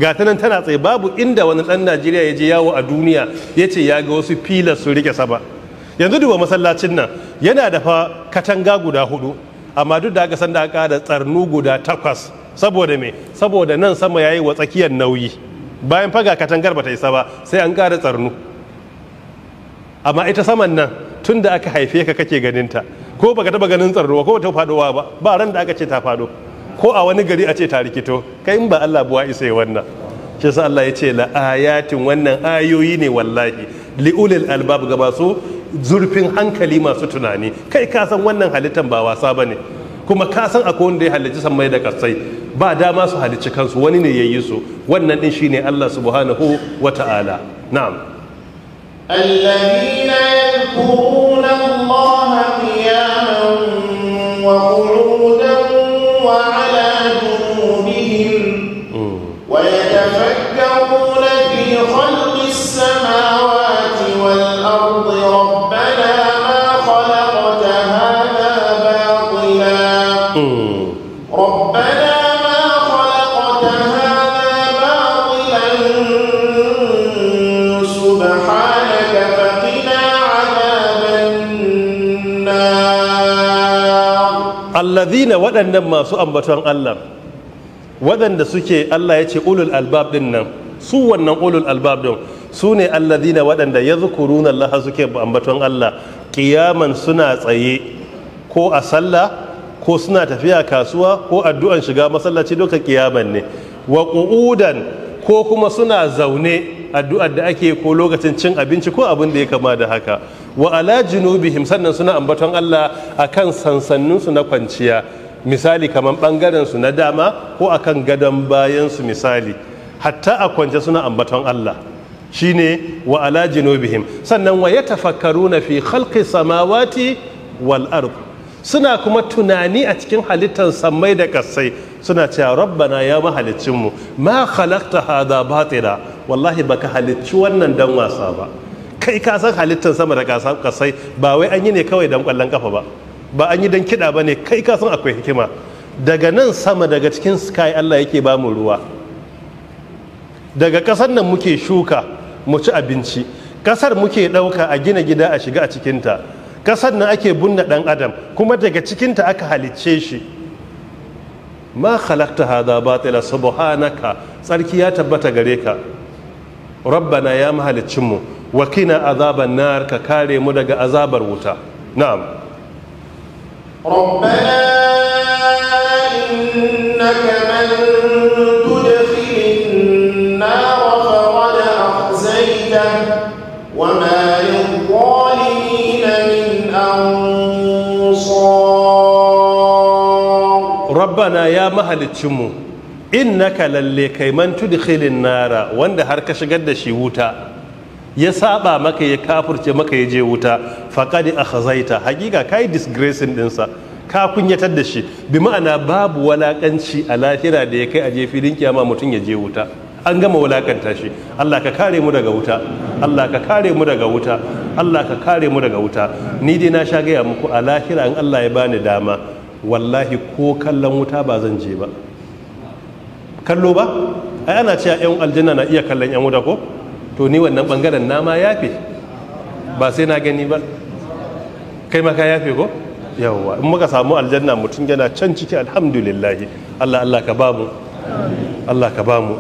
A: ga ta nan tana tsaye babu inda wani ɗan najeriya ya je yawo a duniya ya ce ya ga wasu filas su rike sama yanzu duba masallacin nan yana da katanga guda hudu amma duk da aka san da aka da tsarnu guda takwas saboda me saboda nan sama yayi wa tsakiyar nauyi bayan faga katangar ba ta isa ba sai an ƙara tsarnu amma ita saman nan tun da aka haife ka kake ganinta ko baka taba ganin tsaro ko ta faduwa ba ba ran da aka ce ta fado ko a wani gari a ce ta rikito kai in ba Allah buwa isa wannan shi sa Allah ya ce la ayatin wannan ayoyi ne wallahi li'ulil albab ga masu zurfin hankali masu tunani kai ka san wannan halittan ba wasa ne. kuma ka san akwai wanda ya halicci mai da kasai ba dama su halicci kansu wani ne yayi su wannan din shine Allah subhanahu wata'ala na'am
B: الذين يذكرون الله وقلوبهم
A: allazina waɗannan masu ambaton Allah waɗanda suke Allah ya ce ulul albab din nan su wannan ulul albab din su ne allazina waɗanda ya zukuruna Allah suke ambaton Allah Ƙiyaman suna tsaye ko a sallah ko suna tafiya kasuwa ko addu'an shiga masallaci duka ƙiyaman ne wa ko kuma suna zaune addu'ar da ake ko lokacin cin abinci ko abin da ya kama da haka wa ala junubihim sannan suna ambaton Allah akan sansannin su na kwanciya misali kamar bangaren su na dama ko akan gadon bayan su misali hatta a kwance suna ambaton Allah shine wa ala junubihim sannan wa yatafakkaruna fi khalqi samawati wal ard suna kuma tunani a cikin halittar sammai da kasai suna cewa rabbana ya mahalicinmu ma khalaqta hadha batila wallahi baka halicci wannan dan wasa ba kai ka san halittar sama da kasai ba wai an yi ne kawai don kwallon kafa ba ba an yi don kiɗa ba ne kai ka san akwai hikima daga nan sama daga cikin sky allah yake ba mu ruwa daga ƙasar nan muke shuka mu ci abinci ƙasar muke ɗauka a gina gida a shiga a cikinta ƙasar nan ake bunna ɗan adam kuma daga cikinta aka halicce shi ma khalaqta hadha batila subhanaka tsarki ya tabbata gare ka rabbana ya mahaliccin mu وكنا kina azaban nar ka kare mu daga azabar wuta na'am
B: ربنا إنك من تدخل النار فقد أخزيته وما للظالمين من
A: أنصار ربنا يا مهل تشمو إنك للي كيمن تدخل النار وانده هركش قدشي وتا ya saba maka ya kafurce maka ya je wuta a hazaita. hakika yi disgracing dinsa ka kunyatar da shi bi ma'ana babu walaƙanci a lahira da ya kai a je filin kiyama mutum ya je wuta an gama walaƙanta shi Allah ka kare mu daga wuta Allah ka kare mu daga wuta Allah ka kare mu daga wuta ni dai na sha gaya muku a lahira in Allah ya bani dama wallahi ko kallon wuta ba zan je ba kallo ba ai ana cewa yan aljanna na iya kallon yan wuta ko to ni wannan bangaren na ma yafe ba sai na gani ba kai ma ka yafe ko yawwa in muka samu aljanna mutum yana can ciki alhamdulillah Allah Allah ka ba mu Allah ka ba mu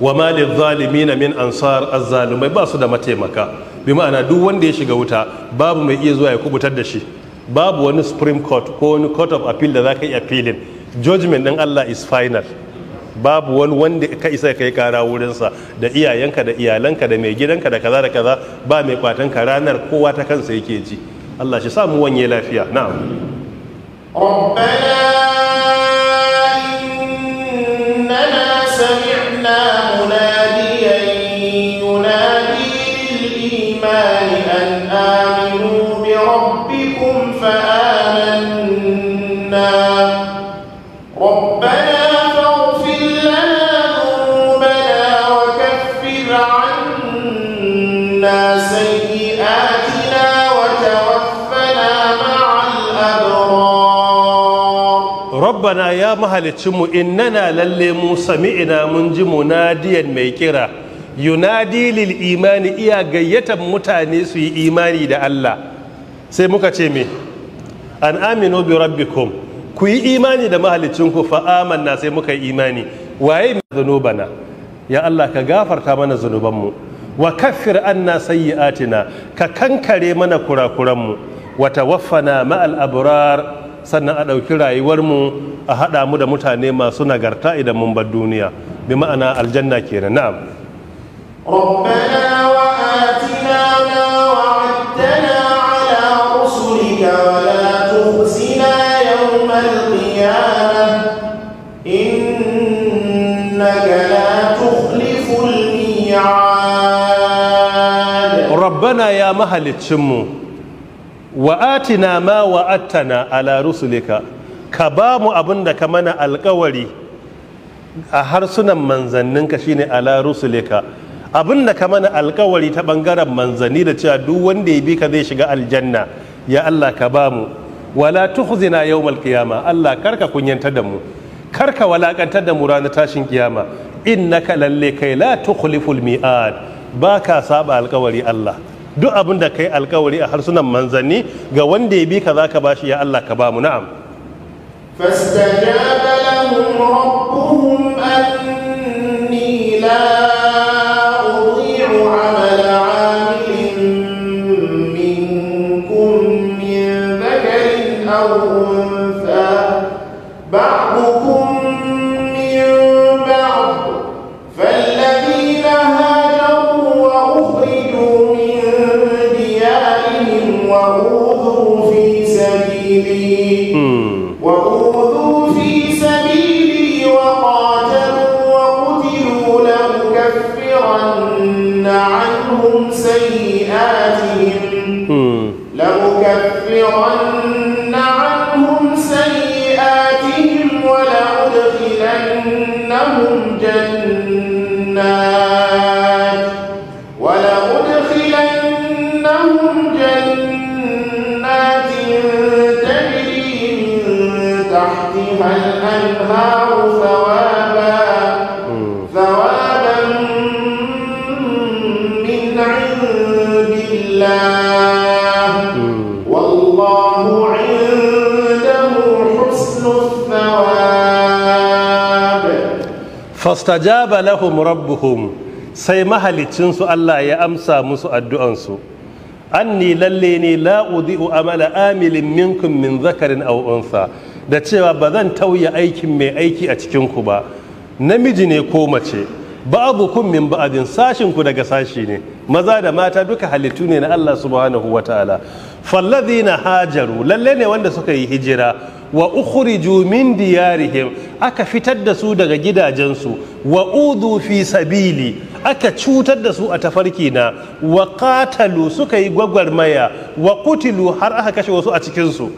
A: wa ma zalimin min ansar azzalumai ba su da mataimaka bi ma'ana duk wanda ya shiga wuta babu mai iya zuwa ya kubutar da shi babu wani supreme court ko wani court of appeal da zaka ka yi appealing judgment din Allah is final babu wani wanda ka isa kai kara wurinsa da iyayenka da iyalanka da mai gidanka da kaza da kaza ba mai kwatan ka ranar kowa ta kansa yake ji Allah shi sa wanye lafiya na'am
B: ربنا إننا سمعنا
A: bana ya in innana lalle mu sami'ina mun ji munadiyan mai kira yunadi lil imani iya gayyata mutane su yi imani da Allah sai muka ce me an aminu bi rabbikum ku yi imani da mahalicinku fa amanna sai muka yi imani waye mai zunubana ya Allah ka gafarta mana zunubanmu wa kaffir anna atina ka kankare mana kurakuranmu wa tawaffana ma'al abrar Sannan a ɗauki rayuwar mu a haɗa mu da mutane masu nagarta idan mun bar duniya, na ma'ana aljanna ke rana'a. Ƙobbanawa a ya mahaliccin mu. wa'atina ma wa'attana ala rusulika ka ba mu abin da ka mana alkawari a harsunan manzanninka shine ala rusulika abin da ka mana alkawari ta bangaren manzanni da cewa duk wanda ya bi ka zai shiga aljanna ya Allah ka ba mu wala tuhzina yawmal qiyama Allah karka kunyanta da mu karka walakantar da mu ranar tashin kiyama innaka lalle kai la tukhliful mi'ad baka saba alkawari Allah duk abin da kai alkawari a harsunan manzanni ga wanda ya bi ka zaka bashi ya Allah ka ba mu na'am
B: fastajaba lahum rabbuhum anni la
A: fastajaba lahum rabbuhum sai mahalicinsu Allah ya amsa musu addu'ansu anni lalle ne la udi'u amala amilin minkum min zakarin au'unsa. unsa da cewa ba zan tauye aikin mai aiki a cikin ku ba namiji ne ko mace kun min ba'adin sashinku ku daga sashi ne maza da mata duka halittu ne na Allah subhanahu wataala fallazina hajaru lalle ne wanda suka yi hijira wa ukhriju min diyarihim aka fitar da su daga gidajensu wa udu fi sabili aka cutar da su a tafarki na wa qatalu suka yi gwagwarmaya wa kutilu har aka kashe wasu a cikin su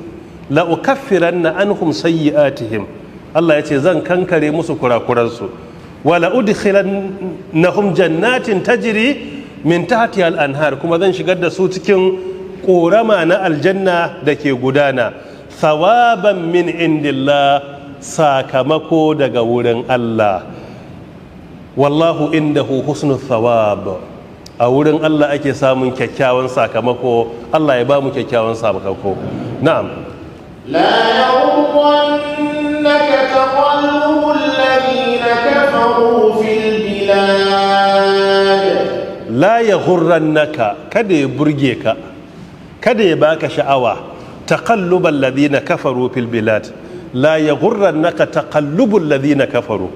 A: la ukaffiranna anhum sayyi'atihim Allah ya ce zan kankare musu kurakuransu wa la udkhilannahum jannatin tajri min tahtiha al-anhar kuma zan shigar da su cikin korama na aljanna da ke gudana thawaban min indillah sakamako daga wurin Allah wallahu indahu husnu thawab a wurin Allah ake samun kyakkyawan sakamako Allah ya ba mu kyakkyawan sakamako na'am
B: la yawmannaka taqallu alladhina kafaru fil
A: bilad la yaghurrannaka kada ya burge ka kada ya baka sha'awa taqallubal ladina kafaru fil bilad la yaghurrannaka taqallubul ladina kafaru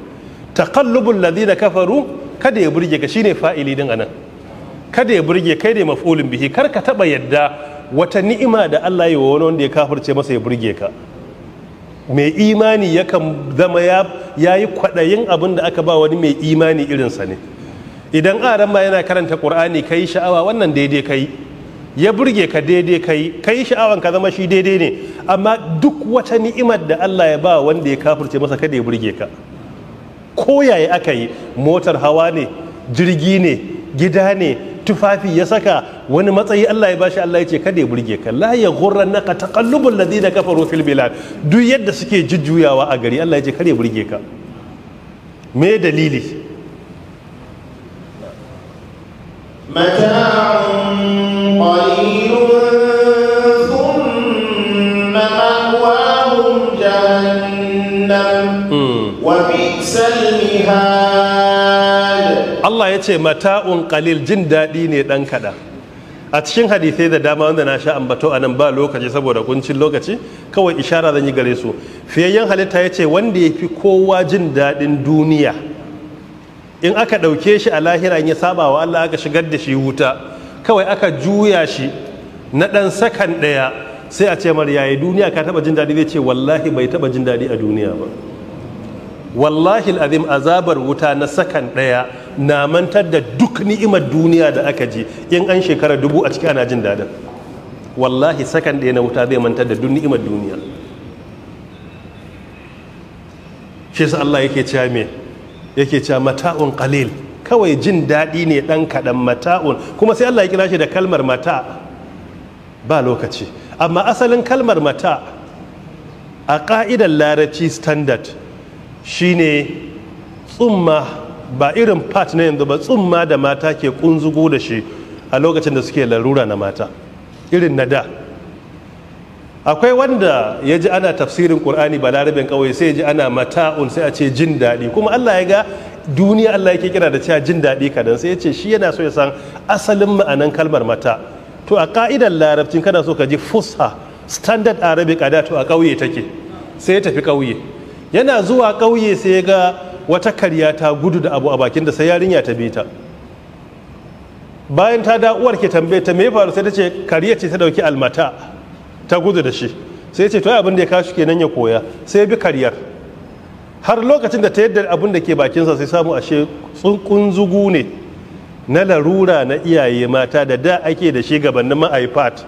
A: taqallubul ladina kafaru kada ya burge ka shine fa'ili a nan kada ya burge kai ne maf'ulin bihi kar ka taɓa yadda wata ni'ima da Allah ya wani wanda ya kafirce masa ya burge ka mai imani yakan zama ya yi kwaɗayin abin da aka ba wani mai imani irinsa ne idan aran yana karanta ƙur'ani kai sha'awa wannan daidai kai ya burge ka daidai ka yi ka yi sha'awan ka zama shi daidai ne amma duk wata ni'imar da Allah ya ba wanda ya kafirce masa kada ya burge ka ko yaya aka yi motar hawa ne jirgi ne gida ne tufafi ya saka wani matsayi Allah ya bashi Allah ya ce kada ya burge ka la ya ghurran naka taqallubul ladina kafaru fil bilad duk yadda suke jujjuyawa a gari Allah ya ce kada ya burge ka me dalili allah ya ce mata'un جهنم jin daɗi ne ɗan kaɗan. a cikin hadisai da dama wanda na sha ambato a nan ba lokaci saboda ƙuncin lokaci kawai ishara zan yi gare su fiyayyen halitta ya ce wanda ya fi kowa jin daɗin duniya in aka ɗauke shi a lahira in ya saba wa Allah aka shigar da shi wuta kawai aka juya shi na ɗan sakan ɗaya sai a ce mar yayi duniya ka taɓa jin daɗi zai ce wallahi bai taɓa jin daɗi a duniya ba wallahi azim azabar wuta na sakan ɗaya na mantar da duk ni'imar duniya da aka ji in an shekara dubu a ciki ana jin daɗin wallahi sakan ɗaya na wuta zai mantar da duk ni'imar duniya shi sa Allah yake cewa me yake cewa mata'un qalil kawai jin daɗi ne ɗan kaɗan mata'un kuma sai Allah ya kira shi da kalmar mata ba lokaci amma asalin kalmar mata a ƙa'idar larabci standard shine tsumma ba irin part na yanzu ba tsumma da mata ke kunzugo da shi a lokacin da suke larura na mata irin na da akwai wanda ya ji ana tafsirin ƙur'ani ba larabin ƙauye sai ya ji ana mata'un sai a ce jin daɗi kuma allah ya ga duniya allah yake kira da cewa jin daɗi kadan sai ya ce shi yana so ya san asalin ma'anan kalmar mata to a ka'idar larabcin kana so ka ji fusa standard arabic a da to a ƙauye take sai ya tafi ƙauye yana zuwa ƙauye sai ya ga wata karya ta gudu da abu a bakin da sai yarinya ta bi ta bayan ta da uwar ke tambaye ta me faru sai ta ce karya ce ta dauki almata ta gudu da shi sai ce to abin da ya kashi kenan ya koya sai bi karyar har lokacin da ta yadda abin da ke bakinsa sai samu ashe tsunkun zugu ne na larura na iyaye mata da da ake da shi gabanin ma ipad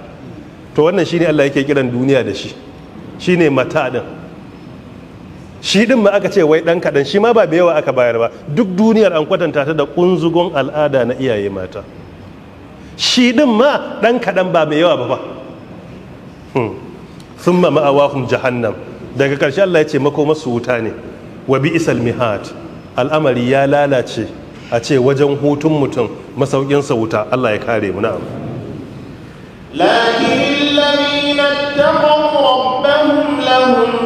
A: to wannan shine Allah yake kiran duniya da shi shine mata din shi din ma aka ce wai dan kadan shi ma ba bayawa aka bayar ba duk duniyar an kwatanta ta da kunzugon al'ada na iyaye mata shi din ma dan kadan ba mai yawa ba sun thumma ma'awahum jahannam daga ƙarshe Allah ya ce mako masu wuta ne wa bi isal mihat al'amari ya lalace a ce wajen hutun mutum masauƙinsa wuta Allah ya kare mu na'am
B: lakin lamina taqaw rabbahum lahum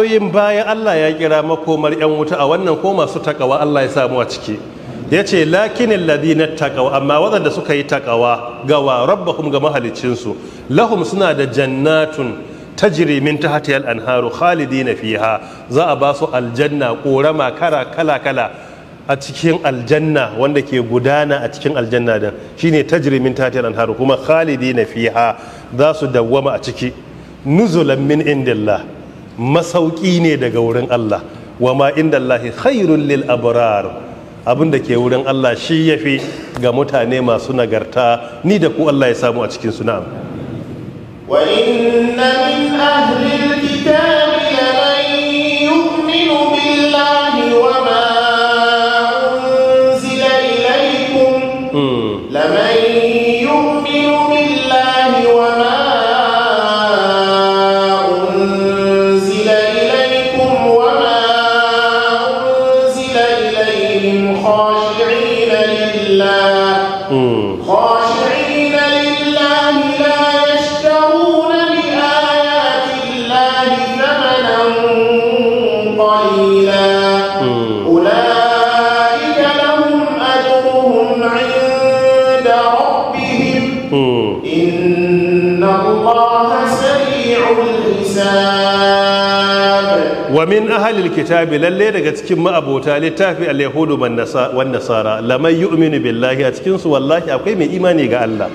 A: ayoyin baya Allah ya kira makomar 'yan wuta a wannan ko masu takawa Allah ya samu a ciki ya ce lakinin ladina takawa amma waɗanda suka yi takawa gawa rabbahum ga mahalicinsu lahum suna da jannatun tajri min tahtiha anharu khalidina fiha za a ba su aljanna korama kara kala kala a cikin aljanna wanda ke gudana a cikin aljanna din shine tajri min tahtiha anharu kuma khalidina fiha za su dawwama a ciki nuzulan min indillah masauki ne daga wurin Allah wa ma inda Allah khairun lil abrar abin da ke wurin Allah shi yafi ga mutane masu nagarta ni da ku Allah ya samu a cikin suna.
B: wa inna min ahli
A: wa min ahalil kitabi lalle daga cikin ma'abota littafi al-yahudu wan nasara lamai yi yu'minu billahi a cikinsu wallahi akwai mai imani ga Allah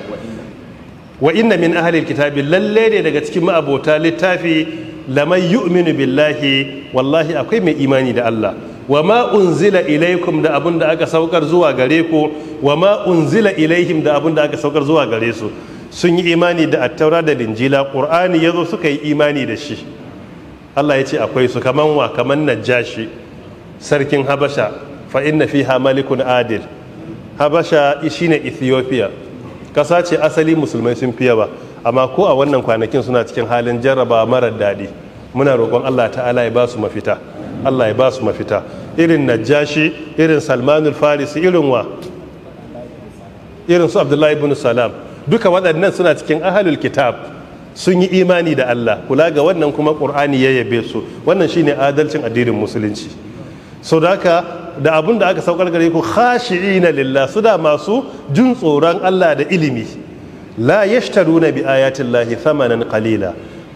A: wa inna min ahalil kitabi lalle ne daga cikin ma'abota littafi lamai yi yu'minu billahi wallahi akwai mai imani da Allah wa ma zila ilaikum da abun da aka saukar zuwa gare ku wa ma zila ilaikum da abun da aka saukar zuwa gare su sun yi imani da attaura da linjila qur'ani yazo suka yi imani da shi Allah ya ce akwai su kaman wa kaman najashi sarkin habasha fa inna fiha malikun adil habasha shine ethiopia kasa ce asali musulmai sun fiye ba amma ko a wannan kwanakin suna cikin halin jarraba mara daɗi muna roƙon allah ta'ala ya ba su mafita allah ya ba su mafita irin najashi irin salmanul farisi irin wa irin su abdullahi ibn salam duka waɗannan suna cikin ahalul kitab sun yi imani da Allah kula ga wannan kuma ƙur'ani ya yabe su wannan shine adalcin addinin musulunci so da haka da abin da aka saukar gare ku khashi'ina lillah su da masu jin tsoron Allah da ilimi la yashtaruna bi ayatin lahi thamanan qalila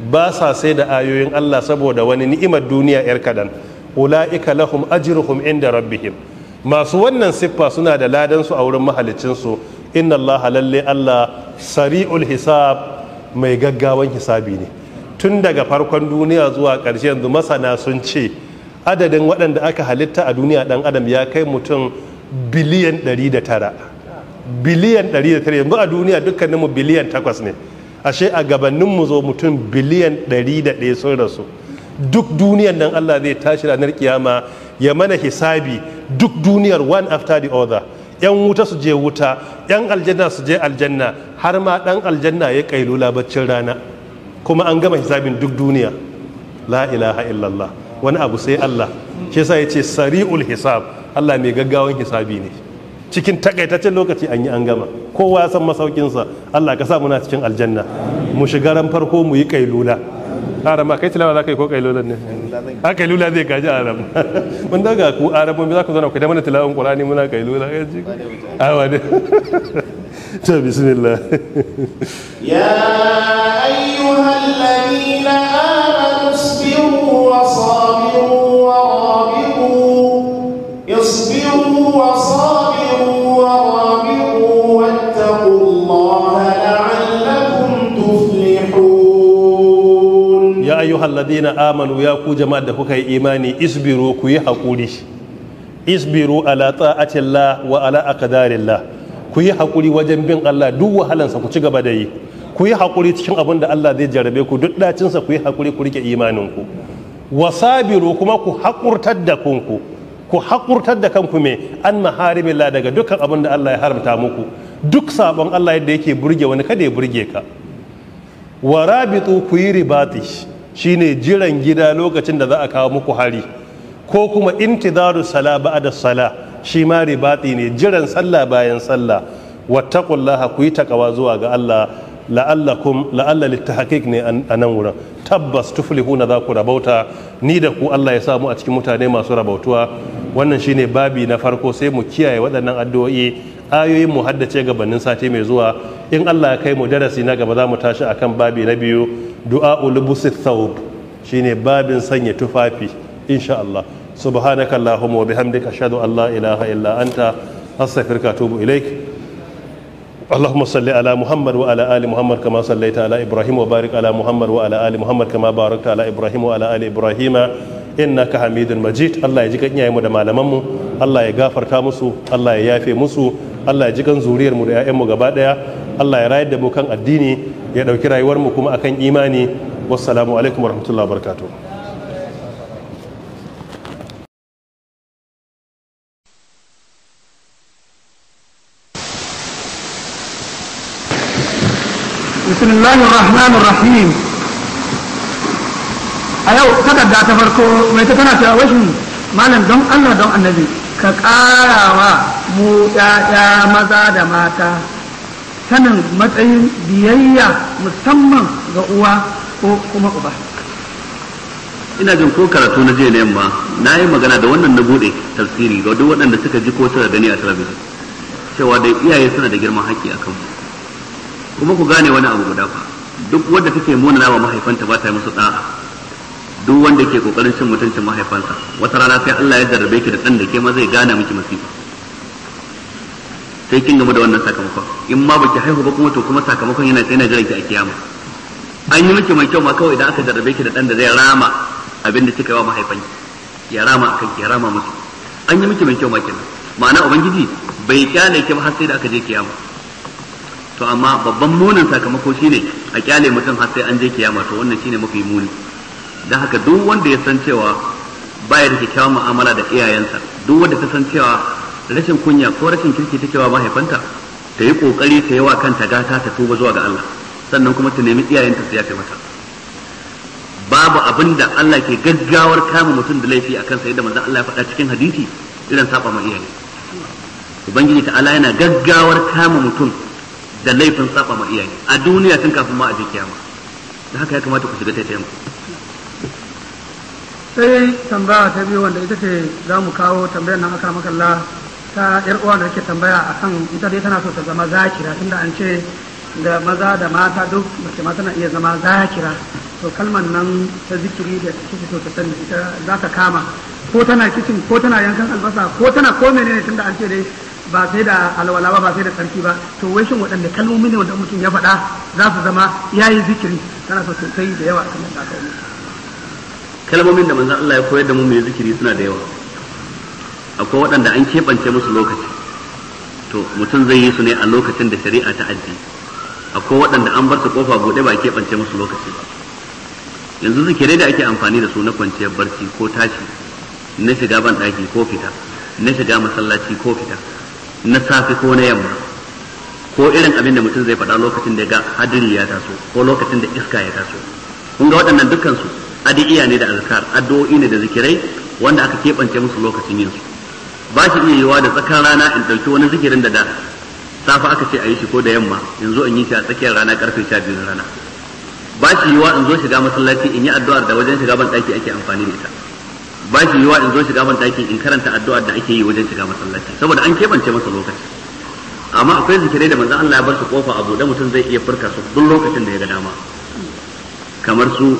A: ba sa sai da ayoyin Allah saboda wani ni'imar duniya yar kadan ulaika lahum ajruhum inda rabbihim masu wannan siffa suna da ladan su a wurin mahalicin su inna Allah lalle Allah sari'ul hisab mai gaggawan hisabi ne tun daga farkon duniya zuwa ƙarshe yanzu masana sun ce adadin waɗanda aka halitta a duniya ɗan adam ya kai mutum biliyan 900 biliyan 900 yanzu a duniya dukkaninmu biliyan 8 ne ashe a gabaninmu zo mutum biliyan ɗaya sun rasu duk duniyan nan Allah zai tashi ranar kiyama ya mana hisabi duk duniyar one after the other yan wuta su je wuta yan aljanna su je aljanna har ma dan aljanna ya kailula baccin rana kuma an gama hisabin duk duniya la ilaha illallah wani abu sai Allah shi yasa yace sari'ul hisab Allah mai gaggawan hisabi ne cikin takaitaccen lokaci an yi an gama kowa ya san masaukinsa Allah ka sa muna cikin aljanna mu shiga ran farko mu yi kailula arama kai tilawa za ka yi ko kai kailulan ne a lula zai gaji arama mun daga ku mun za ku zo na ku da mana tilawan qur'ani muna kai lula ya ji awa ne to bismillah
B: ya
A: ladina amanu ya ku jama'a da kuka yi imani isbiru ku yi haƙuri isbiru ala ta'atillah wa ala aqdarillah ku yi haƙuri wajen bin Allah duk wahalansa ku ci gaba da yi ku yi haƙuri cikin abin da Allah zai jarabe ku duk ɗacinsa ku yi haƙuri ku rike imaninku wasabiru kuma ku haƙurtar da kanku ku haƙurtar da kanku me an maharimillah daga dukkan abin da Allah ya haramta muku duk sabon Allah yadda yake burge wani kada ya burge ka wa rabitu ku yi ribatish shine jiran gida lokacin da za a kawo muku hari ko kuma intidaru sala ba'da sala shi ma ribati ne jiran sallah bayan sallah wattaqullaha ku yi takawa zuwa ga Allah la'allakum la'alla haƙiƙ ne a nan wurin tabbas tuflihuna za ku rabauta ni da ku Allah ya samu a cikin mutane masu rabautuwa wannan shine babi na farko sai mu kiyaye waɗannan addu'o'i ayoyin mu haddace gabanin sati mai zuwa in Allah ya kai mu darasi na gaba za mu tashi akan babi na biyu du'a ulubusi thawb shine babin sanya tufafi insha Allah subhanaka allahumma wa bihamdika ashhadu an la ilaha illa anta astaghfiruka wa atubu ilaik اللهم صل على محمد وعلى ال محمد كما صليت على ابراهيم وبارك على محمد وعلى ال محمد كما باركت على ابراهيم وعلى ال ابراهيم hamidun majid Allah ya ji da malamanmu Allah ya gafarta musu Allah ya yafe musu Allah ya ji kan zuriyarmu da 'ya'yanmu gaba daya Allah ya rayar da mu kan addini ya ɗauki rayuwarmu kuma akan imani wassalamu alaikum warahmatullahi wabarakatuh
B: بسم الله الرحمن الرحيم
C: a yau takarda ta farko mai ta tana cewa washi malam don allah don annabi ka ƙara mu 'ya'ya maza da mata sanin matsayin biyayya musamman ga uwa ko kuma uba ina jin ko karatu na jiya na yamma na yi magana da wannan na bude tafsiri ga duk waɗanda suka ji ko suka gani a talabijin cewa da iyaye suna da girman haƙƙi a kanmu kuma ku gane wani abu guda fa duk wanda take mona wa mahaifanta ba ta yi musu da'a duk wanda ke kokarin cin mutuncin mahaifansa wata rana sai Allah ya jarrabe ki da ɗan da ke ma zai gane miki masifa sai kin gama da wannan sakamakon in ma baki haihu ba kuma to kuma sakamakon yana na jiran ki a kiyama an yi miki mai kyau ma kawai idan aka jarrabe ki da dan da zai rama abin da kika yi wa mahaifanki ya rama akan ki ya rama musu an yi miki mai kyau ma kenan ma'ana ubangiji bai kyale ki ba har sai da aka je kiyama to amma babban munin sakamako shine a kyale mutum har sai an je kiyama to wannan shine mafi muni dan haka duk wanda ya san cewa baya da kyakkyawan mu'amala da iyayensa duk wanda ta san cewa rashin kunya ko rashin kirki take wa mahaifanta ta yi kokari ta yi wa kanta gata ta tuba zuwa ga Allah sannan kuma ta nemi iyayenta su yafe mata babu abin da Allah ke gaggawar kama mutum da laifi a kansa yadda manzon Allah ya faɗa cikin hadisi irin saba ma iyaye ubangiji ta Allah yana gaggawar kama mutum da laifin saba ma iyaye a duniya tun kafin ma a je kiyama da haka ya kamata ku shiga taitayen ku sai tambaya ta biyu wanda ita ce za mu kawo tambayar nan aka makalla ta yar uwa da ke tambaya kan ita dai tana so ta zama zakira inda an ce da maza da mata duk mace ma tana iya zama zakira to kalman nan ta zikiri da kike so ta sani ita za ta kama ko tana kicin ko tana yankan albasa ko tana ko menene tunda an ce dai ba sai da alwala ba sai da tsarki ba to wai shin waɗanne kalmomi ne wanda mutum ya faɗa za su zama ya yi zikiri tana so sosai da yawa kamar da kalmomin da manzan Allah ya koyar da mu mai zikiri suna da yawa akwai waɗanda an keɓance musu lokaci to mutum zai yi su ne a lokacin da shari'a ta aji akwai waɗanda an bar su kofa buɗe ba a keɓance musu lokaci ba yanzu zikirai da ake amfani da su na kwanciyar barci ko tashi na shiga ban ɗaki ko fita na shiga masallaci ko fita na safe ko na yamma ko irin abin da mutum zai faɗa lokacin da ga hadiri ya taso ko lokacin da iska ya taso kun ga waɗannan dukkan su adi'iya ne da azkar addu'o'i ne da zikirai wanda aka keɓance musu lokacin yin ba shi iya yiwa da tsakar rana in ɗauki wani zikirin da da safa aka ce a yi shi ko da yamma in zo in yi shi a tsakiyar rana karfe sha biyu na rana ba shi yiwa in zo shiga masallaci in yi addu'ar da wajen shiga banɗaki ɗaki ake amfani da ita ba shi yiwa in zo shiga banɗaki in karanta addu'ar da ake yi wajen shiga masallaci saboda an keɓance masa lokaci amma akwai zikirai da manzon Allah ya bar su kofa a buɗe mutum zai iya furta su duk lokacin da ya ga dama kamar su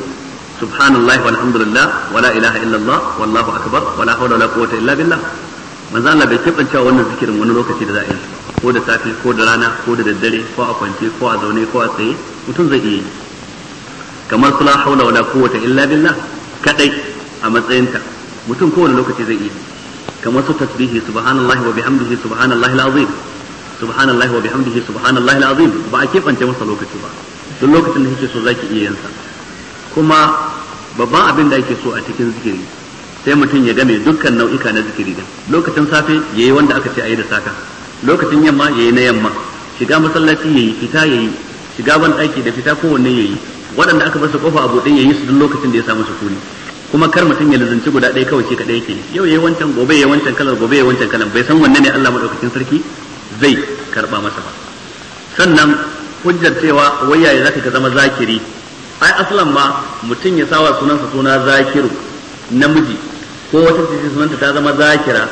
C: subhanallahi walhamdulillah wala ilaha illallah wallahu akbar wala hawla wala quwwata illa billah manzo Allah bai kebancewa wannan zikirin wani lokaci da za a yi ko da safe ko da rana ko da daddare ko a kwance ko a zaune ko a tsaye mutum zai iya yi kamar la haula wala quwwata illa billah kadai a matsayinta mutum kowane lokaci zai iya kamar su tasbihi subhanallahi wa bihamdihi subhanallahi alazim subhanallahi wa bihamdihi subhanallahi alazim ba a kebance masa lokaci ba duk lokacin da kike so zaki iya yansa kuma babban abin da ake so a cikin zikiri sai mutum ya game dukkan nau'ika na zikiri din lokacin safe yayi wanda aka ce ayi da saka lokacin yamma yayi na yamma shiga masallaci yayi fita yayi shiga ban daki da fita kowanne yayi waɗanda aka basu kofa abu ɗin yayi su duk lokacin da ya samu sukuni kuma kar mutum ya lazanci guda ɗaya kawai shi kaɗai yake yau yayi wancan gobe yayi wancan kalar gobe yayi wancan kalar bai san wanne ne Allah madaukakin sarki zai karba masa ba sannan hujjar cewa wayya ya zaka ka zama zakiri ai aslan ma mutum ya sawa sunansa suna zakiru namiji ko wata ce sunanta ta zama zakira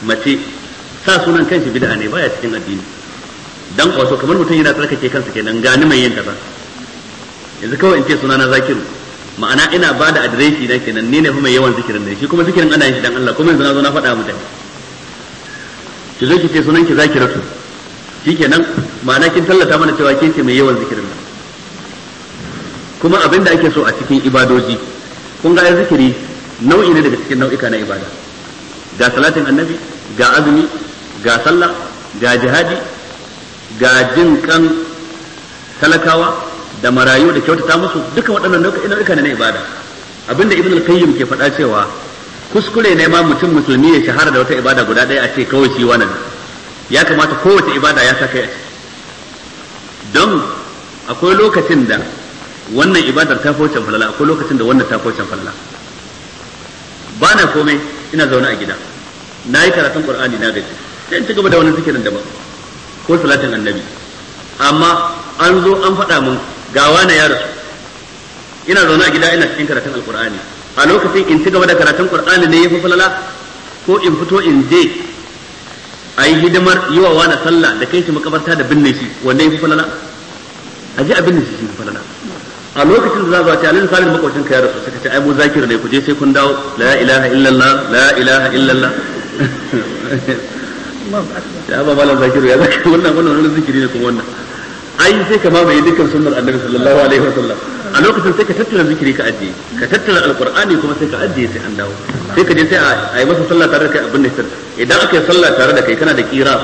C: mace sa sunan kanshi bid'a ne baya cikin addini dan kwaso kamar mutum yana tsarkake kansa kenan gani mai yin kaza yanzu kawai in ce sunana zakiru ma'ana ina ba da adireshi na kenan ne ne fa mai yawan zikirin ne shi kuma zikirin ana yin shi dan Allah kuma yanzu na zo na faɗa mutane ki zo ki ce sunan ki zakiratu kenan ma'ana kin tallata mana cewa kin ce mai yawan zikirin kuma abin da ake so a cikin ibadoji kun ga zikiri nau'i ne daga cikin nau'ika na ibada ga salatin annabi ga azumi ga sallah ga jihadi ga jin kan talakawa da marayu da kyautata musu duka waɗannan nau'ika ne na ibada abinda ibn al-qayyim ke faɗa cewa kuskure ne ma mutum musulmi ya shahara da wata ibada guda ɗaya a ce kawai shi wannan ya kamata kowace ibada ya saka ya don akwai lokacin da wannan ibadar ta faucin falala akwai lokacin da wannan ta faucin falala ba na komai ina zaune a gida na yi karatun qur'ani na gaji sai in ci gaba da wani zikirin daban ko salatin annabi amma an zo an faɗa mun ga na ya rasu ina zaune a gida ina cikin karatun alqur'ani a lokacin in ci gaba da karatun qur'ani ne ya fi falala ko in fito in je a yi hidimar yi wa wani sallah da kai shi makabarta da binne shi wanda ya fi falala a je a binne shi shi falala a lokacin da za a ce alin salin makwashin ka ya rasu suka ce ai mu zakir ne ku je sai kun dawo la ilaha illallah la ilaha illallah ya ba malam zakiru ya zaka wannan wannan wannan zikiri ne kuma wannan ai sai ka mamaye dukkan sunnar annabi sallallahu alaihi wasallam a lokacin sai ka tattara zikiri ka ajiye ka tattara alqur'ani kuma sai ka ajiye sai an dawo sai ka je sai a yi masa sallah tare da kai abin da idan aka yi sallah tare da kai kana da kira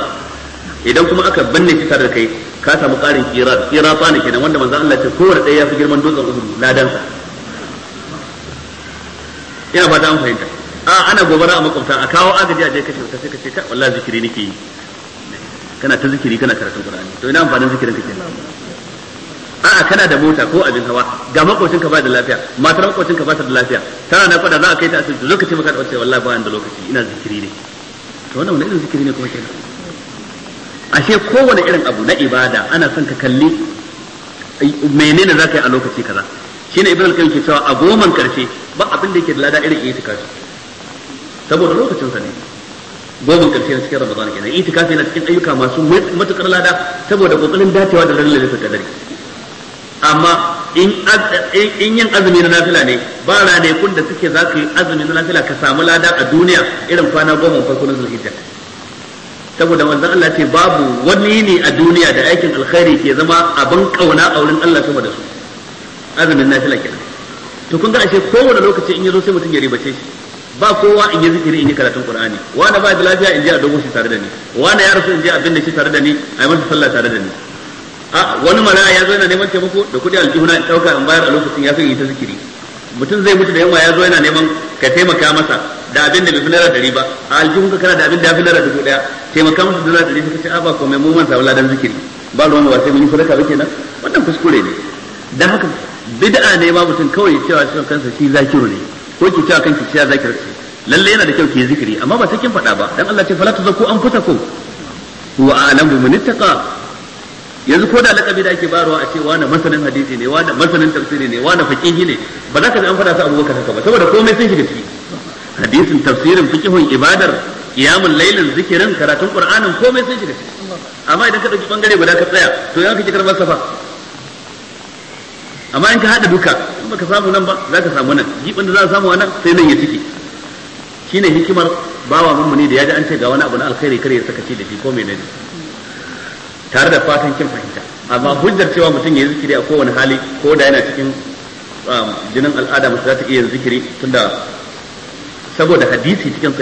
C: idan kuma aka banne shi tare da kai ka samu ƙarin kira fa ne kenan wanda manzo Allah ce kowanne ɗaya ya fi girman dutsen uhud sa. ina ba an fahimta a ana gobara a makwabta a kawo agaji a je kashe wuta sai ka ce ka wallahi zikiri nake yi kana ta zikiri kana karatun qur'ani to ina amfanin zikirin kake a'a kana da mota ko abin hawa ga makocinka ba da lafiya matar makocinka ba ta da lafiya tana na kwada za a kai ta asibiti lokaci baka da wace wallahi ba da lokaci ina zikiri ne to wannan wani irin zikiri ne kuma kenan ashe kowane irin abu na ibada ana son ka kalli menene za ka yi a lokaci kaza Shi ibn al-qayyim ke cewa a goman karshe ba abin da yake da lada irin itikafi saboda lokacin ne goman karshe na cikin ramadan kenan itikafi na cikin ayyuka masu matukar lada saboda kokarin dacewa da ranar lailatul dare. amma in yin azumi na nafila ne ba ranakun da suke za ka yi azumi na nafila ka samu lada a duniya irin kwana goma farko na zulhijja saboda manzon Allah ce babu wani ne a duniya da aikin alkhairi ke zama abin kauna a wurin Allah sama da su azumin nafila kenan to kun ga ashe kowane lokaci in yazo sai mutum ya ribace shi ba kowa in yi zikiri in yi karatun qur'ani wani ba da lafiya in je a dogo shi tare da ni wani ya rasu in je a binne shi tare da ni a yi masa sallah tare da ni a wani mara ya zo yana neman taimako da kuɗi aljihuna in ɗauka in bayar a lokacin ya son yi ta zikiri mutum zai mutu da yamma ya zo yana neman ka taimaka masa da abin da bai fi naira dari ba a aljihun ka kana da abin da ya fi naira dubu daya taimaka musu da naira dari suka ce a ba komai mun manta wala dan zikiri ba ruwan ba sai mun yi sadaka ba kenan wannan kuskure ne dan haka bid'a ne ba mutum kawai cewa cewa kansa shi zakiru ne ko ki cewa kanki cewa zakiru ce lalle yana da kyau ki zikiri amma ba sai kin faɗa ba dan Allah ce fala tuzakku anfusakum wa a'lamu man ittaqa yanzu ko da lakabi da ake barwa a ce wani masanin hadisi ne wani masanin tafsiri ne wani fakihi ne ba za ka ji an faɗa su abubakar haka ba saboda komai sun shiga ciki hadisin tafsirin fikihun ibadar qiyamul lailin zikirin karatun qur'anin komai sai shiga amma idan ka dauki bangare guda ka tsaya to yanka ki karban safa amma in ka hada duka in baka samu nan ba za ka samu nan jibin da za ka samu nan sai nan ya ciki shine hikimar bawa muni da ya ji an ce ga wani abu na alkhairi kare ya sakaci da shi ko mai naji tare da fatan kin fahimta amma hujjar cewa mutum ya yi zikiri a kowane hali ko da yana cikin um, jinin al'ada mutum za ta iya zikiri tunda saboda hadisi cikin